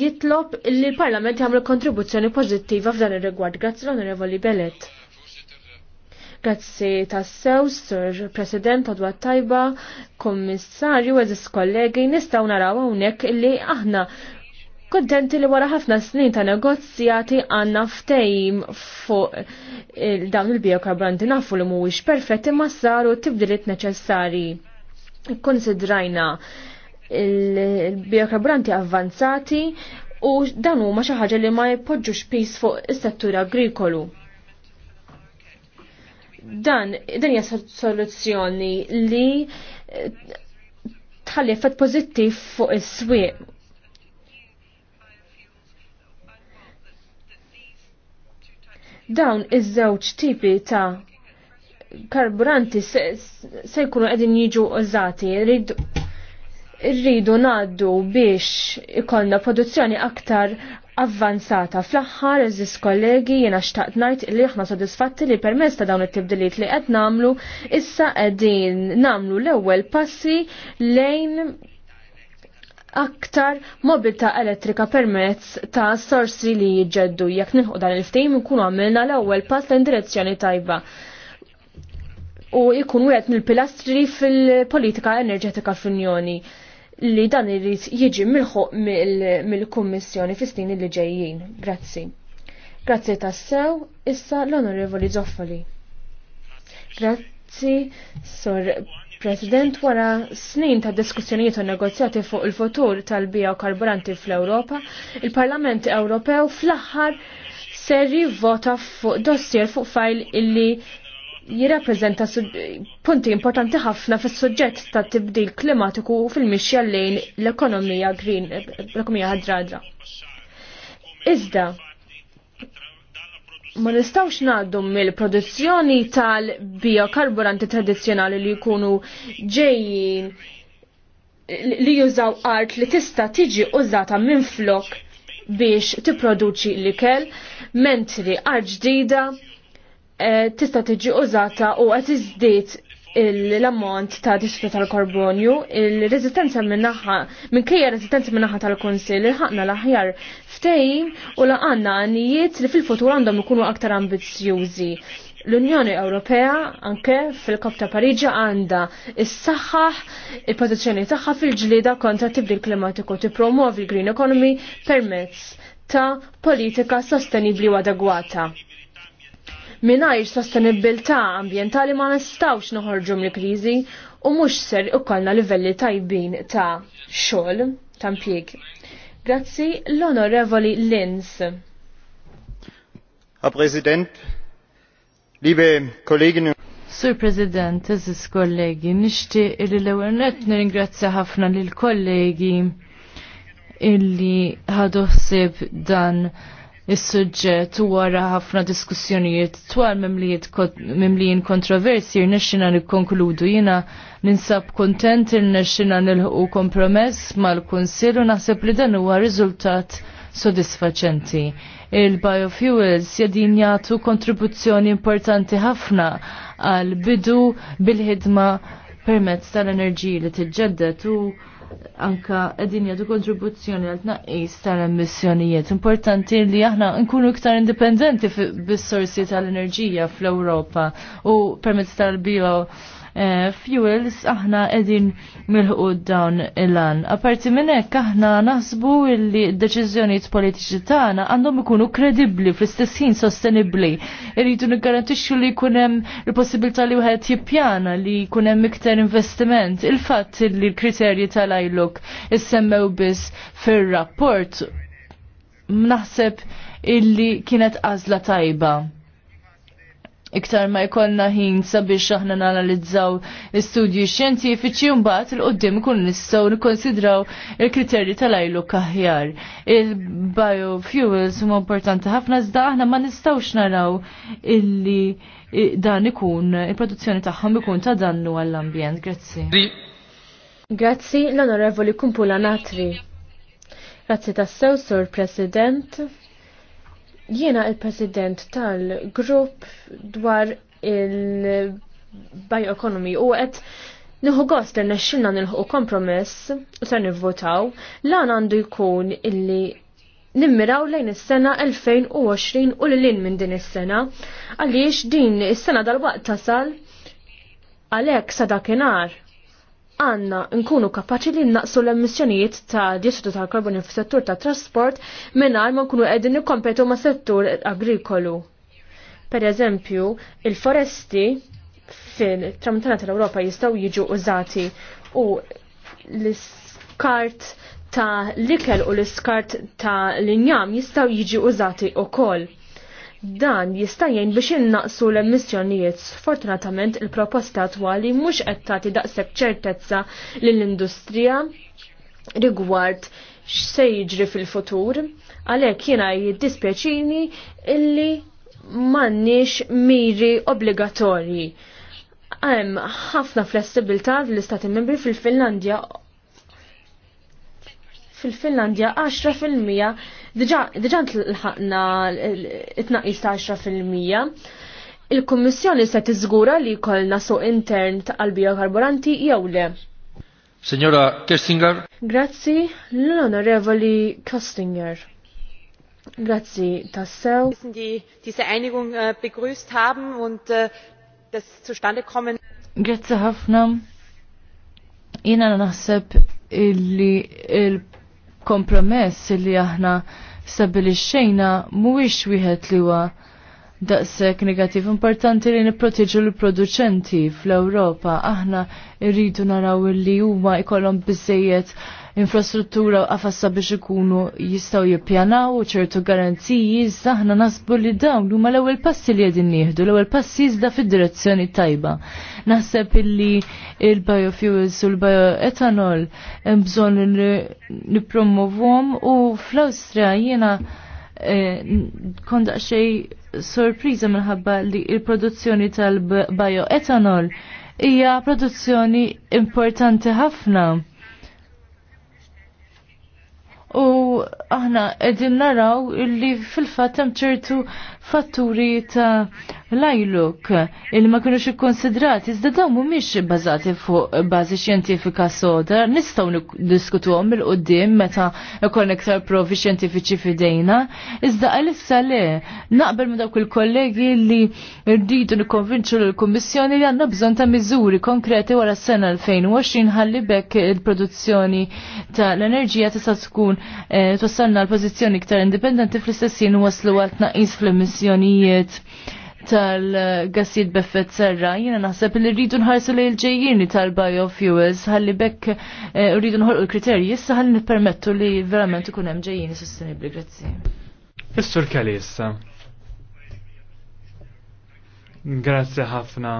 jitlob li l-Parlament jagħmel kontribuzzjoni pożittiva f'dan ir-rigward. Grazzi l-Onorevoli Bellet. Grazzi tassew, Sir President Odwa Tajba, Kommissarju, eżis kollegi, nistgħu naraw hawnhekk li aħna Kontenti li wara ħafna snin ta' negozjati għanna ftejm fuq dawn il-biokarburanti nafu li mhuwiex perfetti ma saru tibdiliet neċessari. Konsidrajna il-biokarburanti avvanzati u dan huma xi ħaġa li ma jpoġġux pis fuq is-settur agrikolu dan, dan hija soluzzjoni li tħalli effett pożittiv fuq is-swieq Dawn iż-żewġ tipi ta' karburanti se, jkunu qegħdin jiġu użati, rridu ngħaddu biex ikollna produzzjoni aktar avvanzata fl-aħħar eżis kollegi jiena xtaqt ngħid li aħna sodisfatti li permezz ta' dawn it-tibdiliet li qed nagħmlu issa qegħdin nagħmlu l-ewwel passi lejn aktar mobilta elettrika permezz ta' sorsi li jġeddu. Jekk nħu dan il-ftejm nkunu għamilna l-ewwel pass l direzzjoni tajba u jkun wieħed mill-pilastri fil-politika enerġetika fl-Unjoni li dan irid jiġi milħuq mill-Kummissjoni fis-snin li ġejjin. Grazzi. Grazzi tassew, issa l-Onorevoli Zoffoli. Grazzi, Sor President, wara snin ta' diskussjonijiet u negozjati fuq il-futur tal-bija u karburanti fl-Ewropa, il-Parlament Ewropew fl-aħħar ser jivvota fuq dossier fuq fajl illi jirrappreżenta punti importanti ħafna fis-suġġett ta' tibdil klimatiku fil-mixja lejn l-ekonomija green, l-ekonomija ħadradra. Iżda, ma nistawx naddu mill-produzzjoni tal-biokarburanti tradizjonali li jkunu ġejjin li jużaw art li tista' tiġi użata minn flok biex tipproduċi l-ikel, mentri art ġdida eh, tista' tiġi użata u qed iżdiet l-ammont ta' dixtru tal-karbonju, il-rezistenza minnaħħa, minn kejja rezistenza minnaħħa tal-Konsil, ħakna l-aħjar ftejn u laqanna għanijiet li fil-futur għandhom ikunu aktar ambizjużi. L-Unjoni Ewropea anke fil-Kop ta' Pariġi għandha s-saħħaħ il-pożizzjoni tagħha fil-ġlida kontra t tibdil klimatiku tippromovi l-green economy permezz ta' politika sostenibli u adegwata Minajr sostenibilità ambientali ma nistawx noħorġu mill-kriżi u mhux ser ukollna livelli tajbin ta' xogħol ta' impjieg. Grazzi l-Onorevoli Linz. Herr Präsident, liebe Kolleginnen Sur President, eżis kollegi, nishti illi l-ewel net nirringrazzja ħafna lil kollegi illi ħadoħsib dan Is-suġġett għara ħafna diskussjonijiet twal mimlijin kontroversi rnexxina nikkonkludu jiena ninsab kontent irnexxina nilħu kompromess mal-Kunsill u naħseb li dan huwa riżultat sodisfaċenti. Il-biofuels jedin jagħtu kontribuzzjoni importanti ħafna għal bidu bil-ħidma permezz tal-enerġiji li tiġġedded u anka qegħdin jagħtu kontribuzzjoni għal tnaqqis tal-emissjonijiet. Importanti li aħna nkunu iktar indipendenti bis-sorsi tal-enerġija fl-Ewropa u permezz tal-bio Eh, fuels aħna qegħdin milħu dawn il lan Aparti minn hekk aħna naħsbu li d-deċiżjonijiet politiċi tagħna għandhom ikunu kredibbli fl istessin sostenibli. sostenibbli. Irridu niggarantixxu li jkun hemm il-possibilità li wieħed jippjana li jkun hemm iktar investiment. Il-fatt li l-kriterji tal-ajlok issemmew biss fir-rapport naħseb illi kienet għażla tajba iktar ma jkollna ħin sabiex aħna nanalizzaw studji xjentifiċi mbagħad il qudiem ikun nistgħu nikkonsidraw il-kriterji tal-ajlu kaħjar. Il-biofuels huma importanti ħafna iżda aħna ma nistgħux naraw illi dan ikun il-produzzjoni tagħhom ikun ta' dannu għall-ambjent. Grazzi. Grazzi l-Onorevoli Kumpula Natri. Grazzi tassew, Sur President. Jiena il-president tal-grupp dwar il-bioeconomy u għed Nħu gost li nesċilna nħu kompromess u sa' nivvotaw, lan għandu jkun illi nimmiraw lejn is-sena 2020 u l-lin minn din is-sena, għaliex din is-sena dal-waqt tasal għalek sa dakinar għanna nkunu kapaċi li naqsu l-emissjonijiet ta' dioxidu tal-karbonju fis-settur ta' trasport mingħajr ma nkunu qegħdin nikkompetu ma' settur agrikolu. Per eżempju, il-foresti fil-tramuntana tal-Ewropa jistgħu jiġu użati u l skart ta' l-ikel u l-iskart ta' l-injam jistgħu jiġi użati wkoll Dan jista' jgħin biex innaqsu l-emissjonijiet. fortunatament il-proposta attwali mhux qed tagħti daqshekk ċertezza lill-industrija rigward x'se jiġri fil-futur, għalhekk jiena jiddispjaċini illi m'għandniex miri obbligatorji. Hemm ħafna flessibilità l-Istati Membri fil-Finlandja fil-Finlandja 10 fil-mija Diġa tlħaqna it-naqis ta' 10%. Il-Kommissjoni se tiżgura li kolna suq intern għal biokarburanti jew le. Signora Kestinger. Grazzi l-Onorevoli Kestinger. Grazzi, tassew. diese Einigung äh, begrüßt haben und äh, das Zustandekommen. Grazzi ħafna. Jena naħseb illi il kompromess li aħna stabilixxejna mhuwiex wieħed li huwa daqshekk negattiv importanti li nipproteġu l-produċenti fl-Ewropa. Aħna rridu naraw li huma jkollhom biżejjed infrastruttura għafassa biex ikunu jistaw jippjanaw u ċertu garanziji iżda aħna nasbu li dawn huma l-ewwel passi li qegħdin nieħdu, l-ewwel passi iżda fid-direzzjoni tajba. Naħseb illi il-biofuels u l-bioetanol hemm bżonn nippromovhom u fl-Awstrija jiena eh, kont xej sorpriża minħabba li il-produzzjoni tal-bioetanol hija produzzjoni importanti ħafna u aħna edin naraw illi fil-fat hemm ċertu fatturi ta' lajluk illi ma kienux ikkonsidrati iżda dawn mhumiex bbażati fuq bażi xjentifika soda, nistgħu diskutuhom il qudiem meta ikun iktar provi xjentifiċi f'idejna, iżda għalissa le naqbel ma dawk il-kollegi li rridu nikkonvinċu l-Kummissjoni li għandna bżonn ta' miżuri konkreti wara s-sena 2020 ħalli bekk il-produzzjoni tal-enerġija tista' tkun Eh, twassalna l-pożizzjoni iktar indipendenti fl-istessin waslu għal tnaqqis fl-emissjonijiet tal-gassijiet beffet serra, Jena naħseb li rridu nħarsu li l-ġejjini tal-biofuels, ħalli bekk eh, rridu nħolqu l-kriterji, jissa ħalli nippermettu li verament ikun hemm ġejjini sostenibli, grazzi. Fissur sur Kalissa. Grazzi ħafna.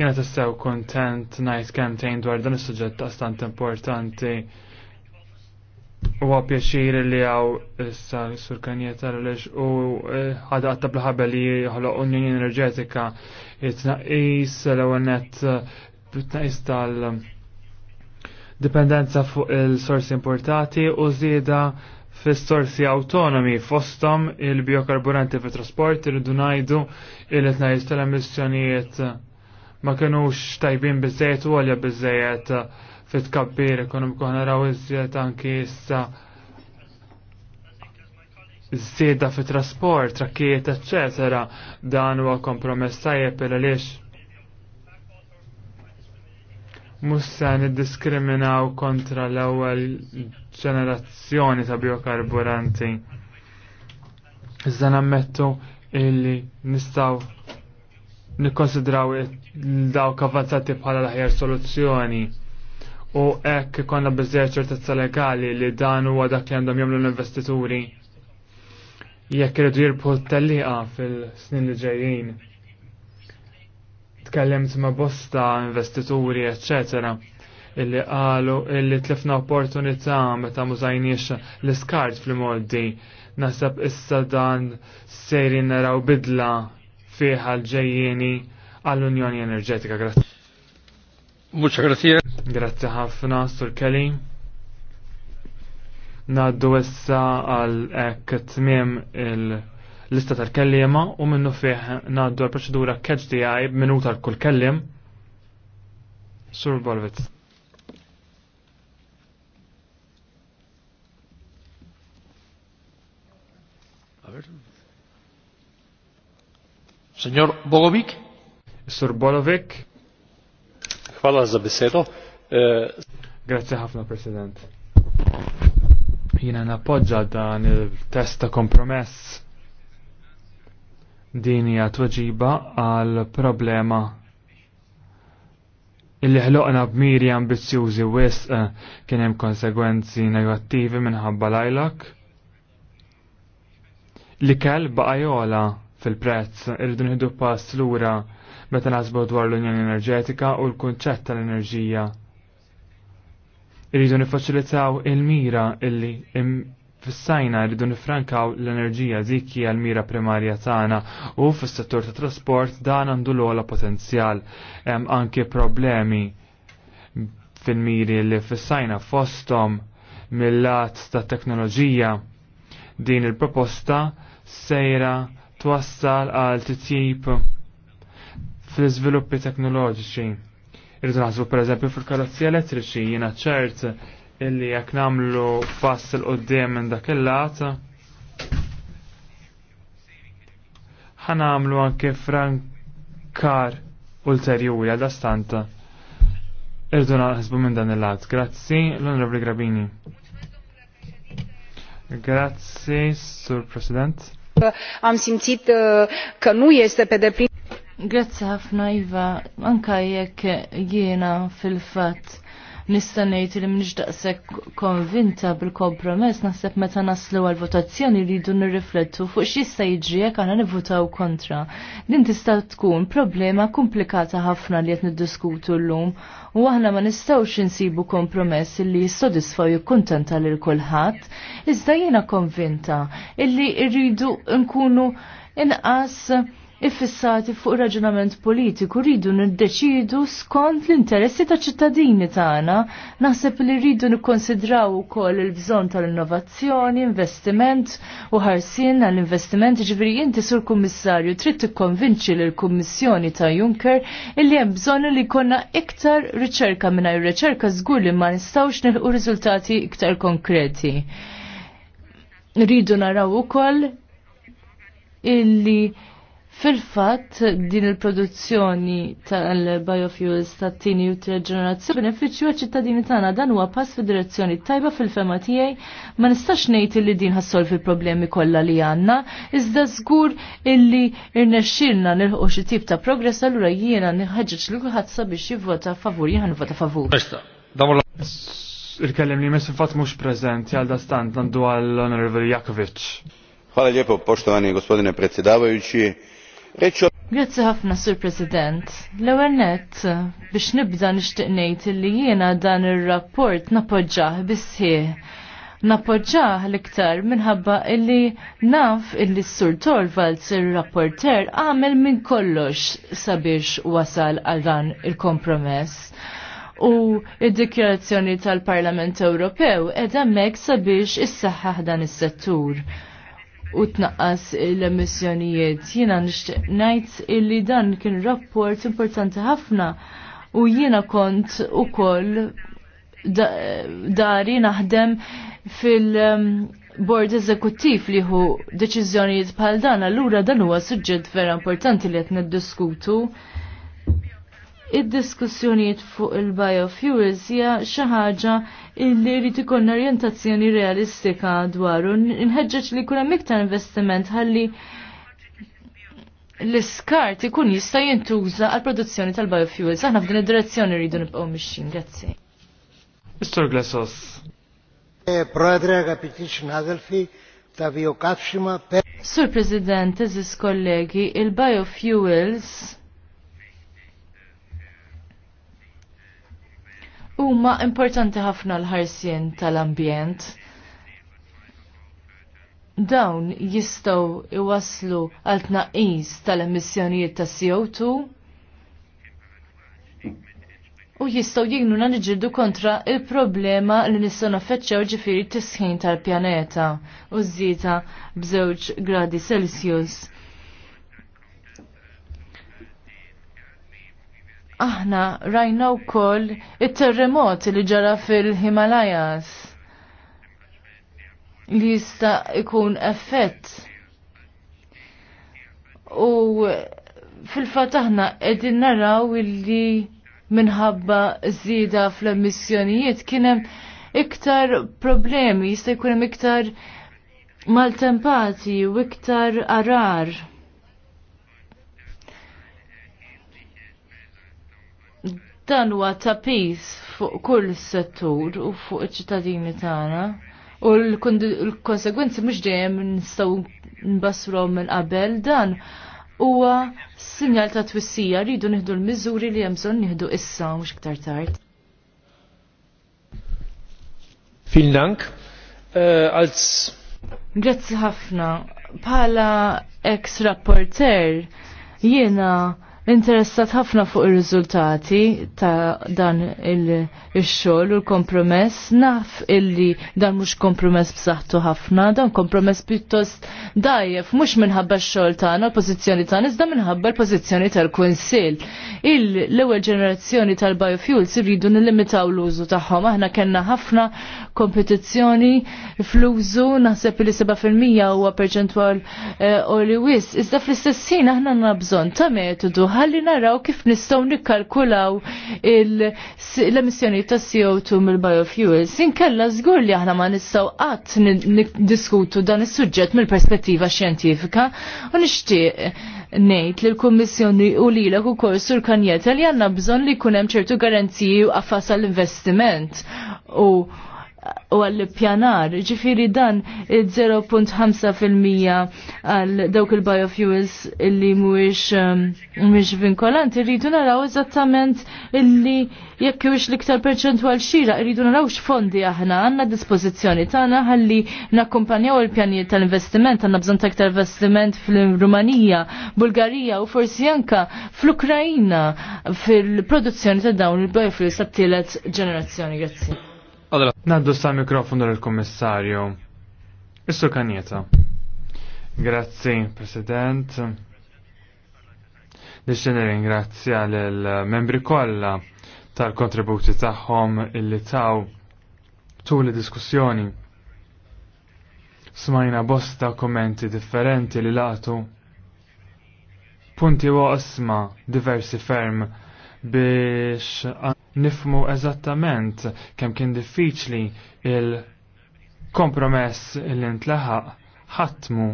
Jena tassew kontent najt kemtejn dwar dan is-suġġett għastant importanti. U pjaċir li għaw issa surkanjeta l-lex u eh, ħada għatta bl li ħloq unjoni enerġetika jitnaqis l-għonet jitnaqis tal dipendenza fuq il-sorsi importati u zida fis-sorsi autonomi fostom il-biokarburanti fi trasport il-dunajdu il-tnaqis tal-emissjonijiet ma kienux tajbin bizzejt u għalja bizzejt fit-kabbir ekonomiku naraw iżjed anki issa żieda fit-trasport, trakkijiet, eċċetera, dan huwa kompromess tajjeb il Mhux mussa niddiskriminaw kontra l-ewwel ġenerazzjoni ta' biokarburanti. Iżda nammettu illi nistaw nikkonsidraw dawk avanzati bħala l aħjar soluzzjoni u hekk konna biżżejjed ċertezza legali li dan huwa dak li għandhom jagħmlu l-investituri jekk irridu jirbħu t-telliqa fil-snin li ġejjin. Tkellimt ma' bosta investituri, eccetera, illi qalu illi tlifna opportunità meta mużajniex l-iskart fl-moddi. Nasab issa dan sejri naraw bidla fiħal l għall-Unjoni Enerġetika. Grazie. Muċa grazie. Grazzi ħafna, Sur Kelly. Naddu issa għal k tmiem il-lista tal-kellima u minnu fih naddu għal-proċedura catch the eye minuta l-kull kellim. Sur Bolvitz. Signor Bolovic? Sur Bolovic? Hvala za besedo. Eh, Grazie ħafna, President. Jina nappoġġa dan il-test ta' kompromess din hija għal problema illi ħloqna b'miri ambizzjużi wisq eh, kien hemm konsegwenzi negattivi minħabba lajlak. Li kell baqajola fil-prezz irridu nħidu pass lura meta nasbu dwar l-Unjoni Enerġetika u l-kunċett tal-enerġija Irridu nifaċilitaw il-mira illi fis-sajna rridu nifrankaw l-enerġija dik hija l-mira primarja tagħna u fis-settur ta' trasport dan għandu l-ogħla potenzjal. Hemm anke problemi fil-miri li fissajna sajna fosthom mill-lat ta' teknoloġija. Din il-proposta sejra twassal għal titjib fl-iżviluppi teknoloġiċi Irridu naħsbu eżempju fil-karozzi elettriċi jiena ċert illi jekk nagħmlu pass il qudiem minn dak il-lat. Ħanamlu anke frankar ulterjuri għal stanta. Irridu naħsbu minn dan il-lat. Grazzi l onorabli Grabini. Grazzi, Sur President. Am simțit uh, că nu este pe deplin Grazzi ħafna Iva, anka jekk jiena fil-fatt nista' ngħid li m'iniex daqshekk konvinta bil-kompromess naħseb meta naslu għal votazzjoni rridu nirriflettu fuq x'jista' jiġri jekk aħna nivvutaw kontra. Din tista' tkun problema komplikata ħafna li qed niddiskutu llum u aħna ma nistgħux insibu kompromess li jissodisfa jikkuntenta lil kulħadd, iżda jiena konvinta illi rridu nkunu inqas iffissati fuq raġunament politiku rridu niddeċidu skont l-interessi ta' ċittadini tagħna. Naħseb li rridu nikkonsidraw ukoll il-bżonn tal-innovazzjoni, investiment u ħarsien għall-investiment ġifieri inti sur kummissarju trid tikkonvinċi lil kummissjoni ta' Juncker illi hemm bżonn li jkollna iktar riċerka mingħajr riċerka żgur li ma nistgħux nilħu riżultati iktar konkreti. Rridu naraw ukoll illi Fil-fatt din il-produzzjoni tal-biofuels ta' tini u tre ġenerazzjoni benefiċċju ċittadini tagħna dan huwa pass fid-direzzjoni tajba fil-fema tiegħi ma nistax ngħid li din ħassolvi problemi kollha li għandna, iżda żgur illi irnexxielna nilħu xi tip ta' progress allura jiena nħeġġeġ li kulħadd sabiex jivvota favur, jiena nivvota favur. Il-kellem li messi fatt mux prezent, jgħal stand, għandu għal Honorable Jakovic. Hvala lijepo, poštovani gospodine predsjedavajući. Grazzi ħafna, Sur President. L-ewwel nett biex nibda nixtieq ngħid li jiena dan ir-rapport napoġġah bisħi. napoġġaħ l-iktar minħabba illi naf illi s-sur Torvalds il-rapporter għamel minn kollox sabiex wasal għal dan il-kompromess. U id-dikjarazzjoni tal-Parlament Ewropew edha mek sabiex issaħħaħ dan is-settur. is settur u tnaqqas l-emissjonijiet. Jiena nixtieq ngħid illi dan kien rapport importanti ħafna u jiena kont ukoll dari naħdem fil- um, Bord eżekuttiv li hu deċiżjonijiet bħal dan, allura dan huwa suġġett vera importanti li qed niddiskutu id-diskussjonijiet fuq il-biofuels hija xi ħaġa illi jrid ikun orjentazzjoni realistika dwaru. Nħeġġeġ li jkun hemm iktar investiment ħalli l-iskart ikun jista' jintuża għal produzzjoni tal-biofuels. Aħna f'din id-direzzjoni rridu nibqgħu mixin, grazzi. Mr. Glasos. Eh, Prodre, nadelfi, ta' Sur President, eżis kollegi, il-biofuels huma importanti ħafna l-ħarsien tal-ambjent. Dawn jistgħu iwaslu għal tnaqqis tal-emissjonijiet ta' CO2 u jistaw jignuna nġirdu kontra il-problema li nistgħu naffeċċew ġifieri t sħin tal-pjaneta u żieta b'żewġ gradi Celsius aħna rajna wkoll it-terremot li ġara fil-Himalajas li jista' ikun effett. U fil-fatt aħna qegħdin naraw illi minħabba żieda fl-emissjonijiet kien hemm iktar problemi, jista' jkun hemm iktar maltempati u iktar arar. Dan huwa tapis fuq kull settur u fuq iċ-ċittadini tagħna. U l-konsegwenzi mhux dejjem nistgħu nbassrhom minn qabel dan huwa sinjal ta' twissija rridu nieħdu l-miżuri li hemm bżonn nieħdu issa mhux iktar tard. Vielen Dank. Äh, Grazzi ħafna. Bħala ex-rapporter jiena interessat ħafna fuq ir-riżultati ta' dan il-xogħol u l-kompromess. Naf illi dan mhux kompromess b'saħħtu ħafna, dan kompromess pjuttost dajjef mhux minħabba x-xogħol tagħna, l-pożizzjoni tagħna, iżda minħabba l-pożizzjoni tal-Kunsill. Il-ewwel ġenerazzjoni tal-biofuels iridu nillimitaw l-użu tagħhom. Aħna kellna ħafna kompetizzjoni fl-użu, naħseb li 7% huwa perċentwal eh, oli wis. Iżda fl-istess ħin aħna għandna bżonn ta' metodu ħalli naraw kif nistgħu nikkalkulaw l-emissjoni ta' CO2 mill-biofuels. Inkella żgur li aħna ma nistgħu qatt diskutu dan is-suġġett mill-perspettiva xjentifika u nixtieq ngħid li l u lilek ukoll sur kanjeta li għandna bżonn li hemm ċertu garanziji u affas għall-investiment. U u għall-pjanar, ġifiri dan 0.5% għal dawk il-biofuels illi mhuwiex um, mhuwiex vinkolanti, irridu naraw eżattament illi jekk huwiex l-iktar perċentwal xira, irridu naraw x'fondi aħna għandna dispożizzjoni tagħna ħalli nakkumpanjaw il-pjanijiet tal-investiment, għandna bżonn ta' investiment fil-Rumanija, Bulgarija u forsi anka fl ukrajina fil-produzzjoni ta' dawn il-biofuels għattilet tielet ġenerazzjoni. Grazie. Allora. Naddu sta' mikrofonu l-Kommissarju. Issu kanjeta. Grazzi, President. Nixġeni ringrazzja l-membri kollha tal-kontributi tagħhom illi taw tul diskussjoni Smajna bosta kommenti differenti li latu punti waqsma diversi ferm biex nifmu eżattament kemm kien diffiċli il-kompromess li ntlaħaq ħatmu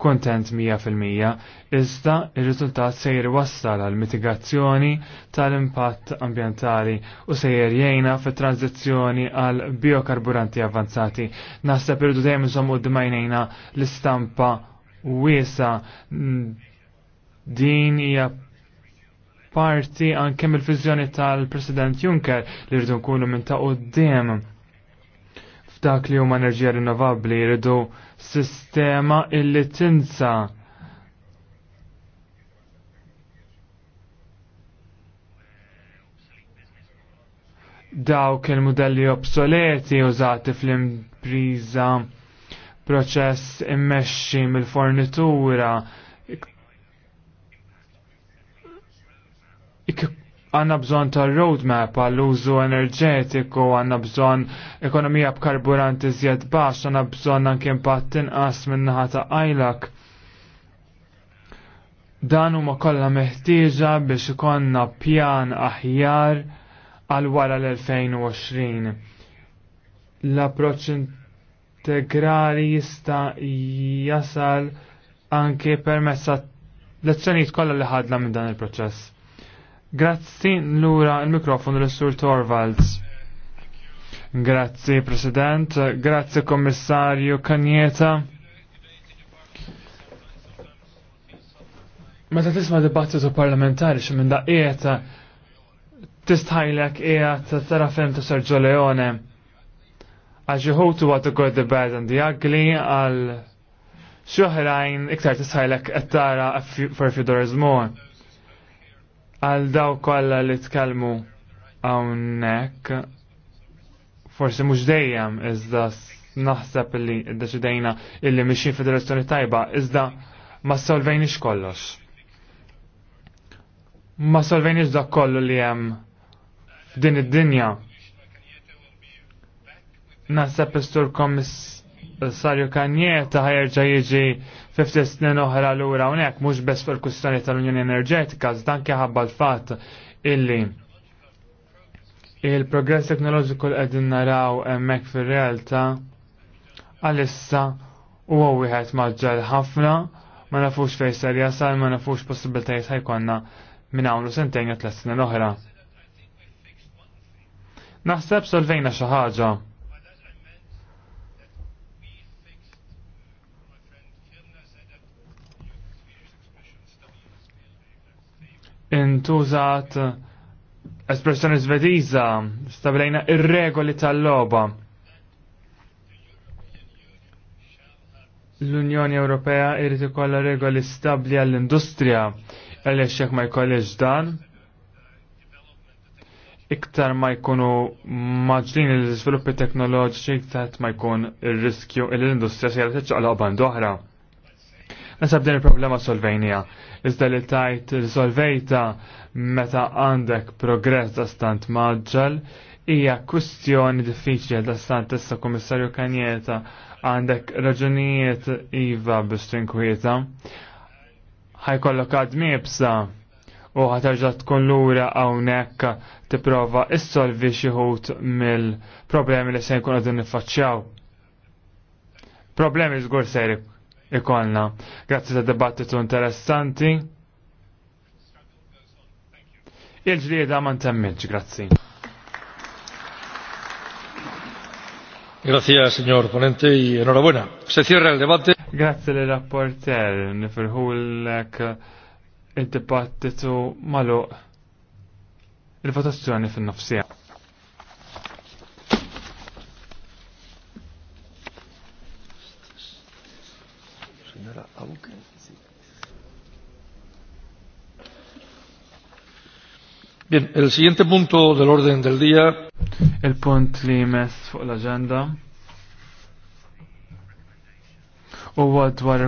kontent 100% iżda il riżultat sejr wassal għal mitigazzjoni tal-impatt ambientali u sejr jgħina fit tranzizzjoni għal biokarburanti avanzati. Naħseb irridu dejjem iżommu u l-istampa wiesa din hija parti anke mill vizjoni tal-President Juncker li rridu nkunu minn ta' qudiem f'dak li huma enerġija rinnovabbli rridu sistema illi tinsa dawk il-modelli obsoleti użati fl-impriża proċess immexxi mill-fornitura għanna bżon ta' roadmap għall-użu enerġetiku, għanna bżon ekonomija b'karburanti zjed bax, għanna bżon anke impatt tinqas minnaħa ta' għajlak. Dan huma kollha meħtieġa biex ikonna pjan aħjar għal wara l-2020. L-approċċ integrali jista' jasal anke permezz lezzjonijiet kollha li ħadna minn dan il-proċess Grazzi lura il-mikrofonu l-Sur Torvalds. Grazzi President, grazzi Kommissarju Kanjeta. Meta tisma' dibattitu parlamentari xe minn daqqiet tistħajlek qiegħed tara fem ta' Sergio Leone. Għax iħutu għad the the bad and the ugly għal xi oħrajn iktar tistħajlek qed tara for few dollars more għal daw kolla li tkellmu għawnek, forsi mux dejjem, iżda naħseb li deċidejna illi miexin federazzjoni tajba, iżda ma solvejnix kollox. Ma solvejnix dak kollu li jem din id-dinja. Naħseb istur kommissar Sarju ta' ħajerġa jiġi 50 snin oħra l-ura unek, mux bes fuq il-kustjoni tal-Unjoni Enerġetika, zdan ħabba l-fat illi il-progress teknoloġiku l-edin naraw emmek fil-realta għalissa u għawihet maġġal ħafna, ma nafux fej ser jasal, ma nafux possibiltajiet ħajkonna minn għamlu sentejn u tlet snin oħra. Naħseb solvejna xaħġa. intużat espressjoni svediża stabilejna ir-regoli tal-loba. L-Unjoni Ewropea irid ikollha regoli stabbli għall-industrija għaliex jekk ma jkollix dan iktar ma jkunu maġlin l-sviluppi teknoloġiċi iktar ma jkun ir-riskju l-industrija se jgħal tiċċaqla oban doħra. Nasab din il-problema solvejnija. Iżda li tajt solvejta meta għandek progress da stant maġġal, hija kwistjoni diffiċli da stant issa komissarju kanjeta għandek raġunijiet iva biex tinkwieta. Ħajkollok għad mibsa u ħatarġa tkun lura hawnhekk tipprova issolvi xi mill-problemi li se jkun qegħdin niffaċċjaw. Problemi żgur sejrik ikolna. Grazzi ta' dibattitu interessanti. Il-ġlieda ma ntemmitx, grazzi. Grazie, signor Ponente, e enhorabuena. Se cierra el debate. Grazie li rapporter, nifirħulek il-dibattitu malu il-votazzjoni fin-nofsija. Bien, el siguiente punto del orden del día. El punt li mes fuq l-agenda. U għad dwar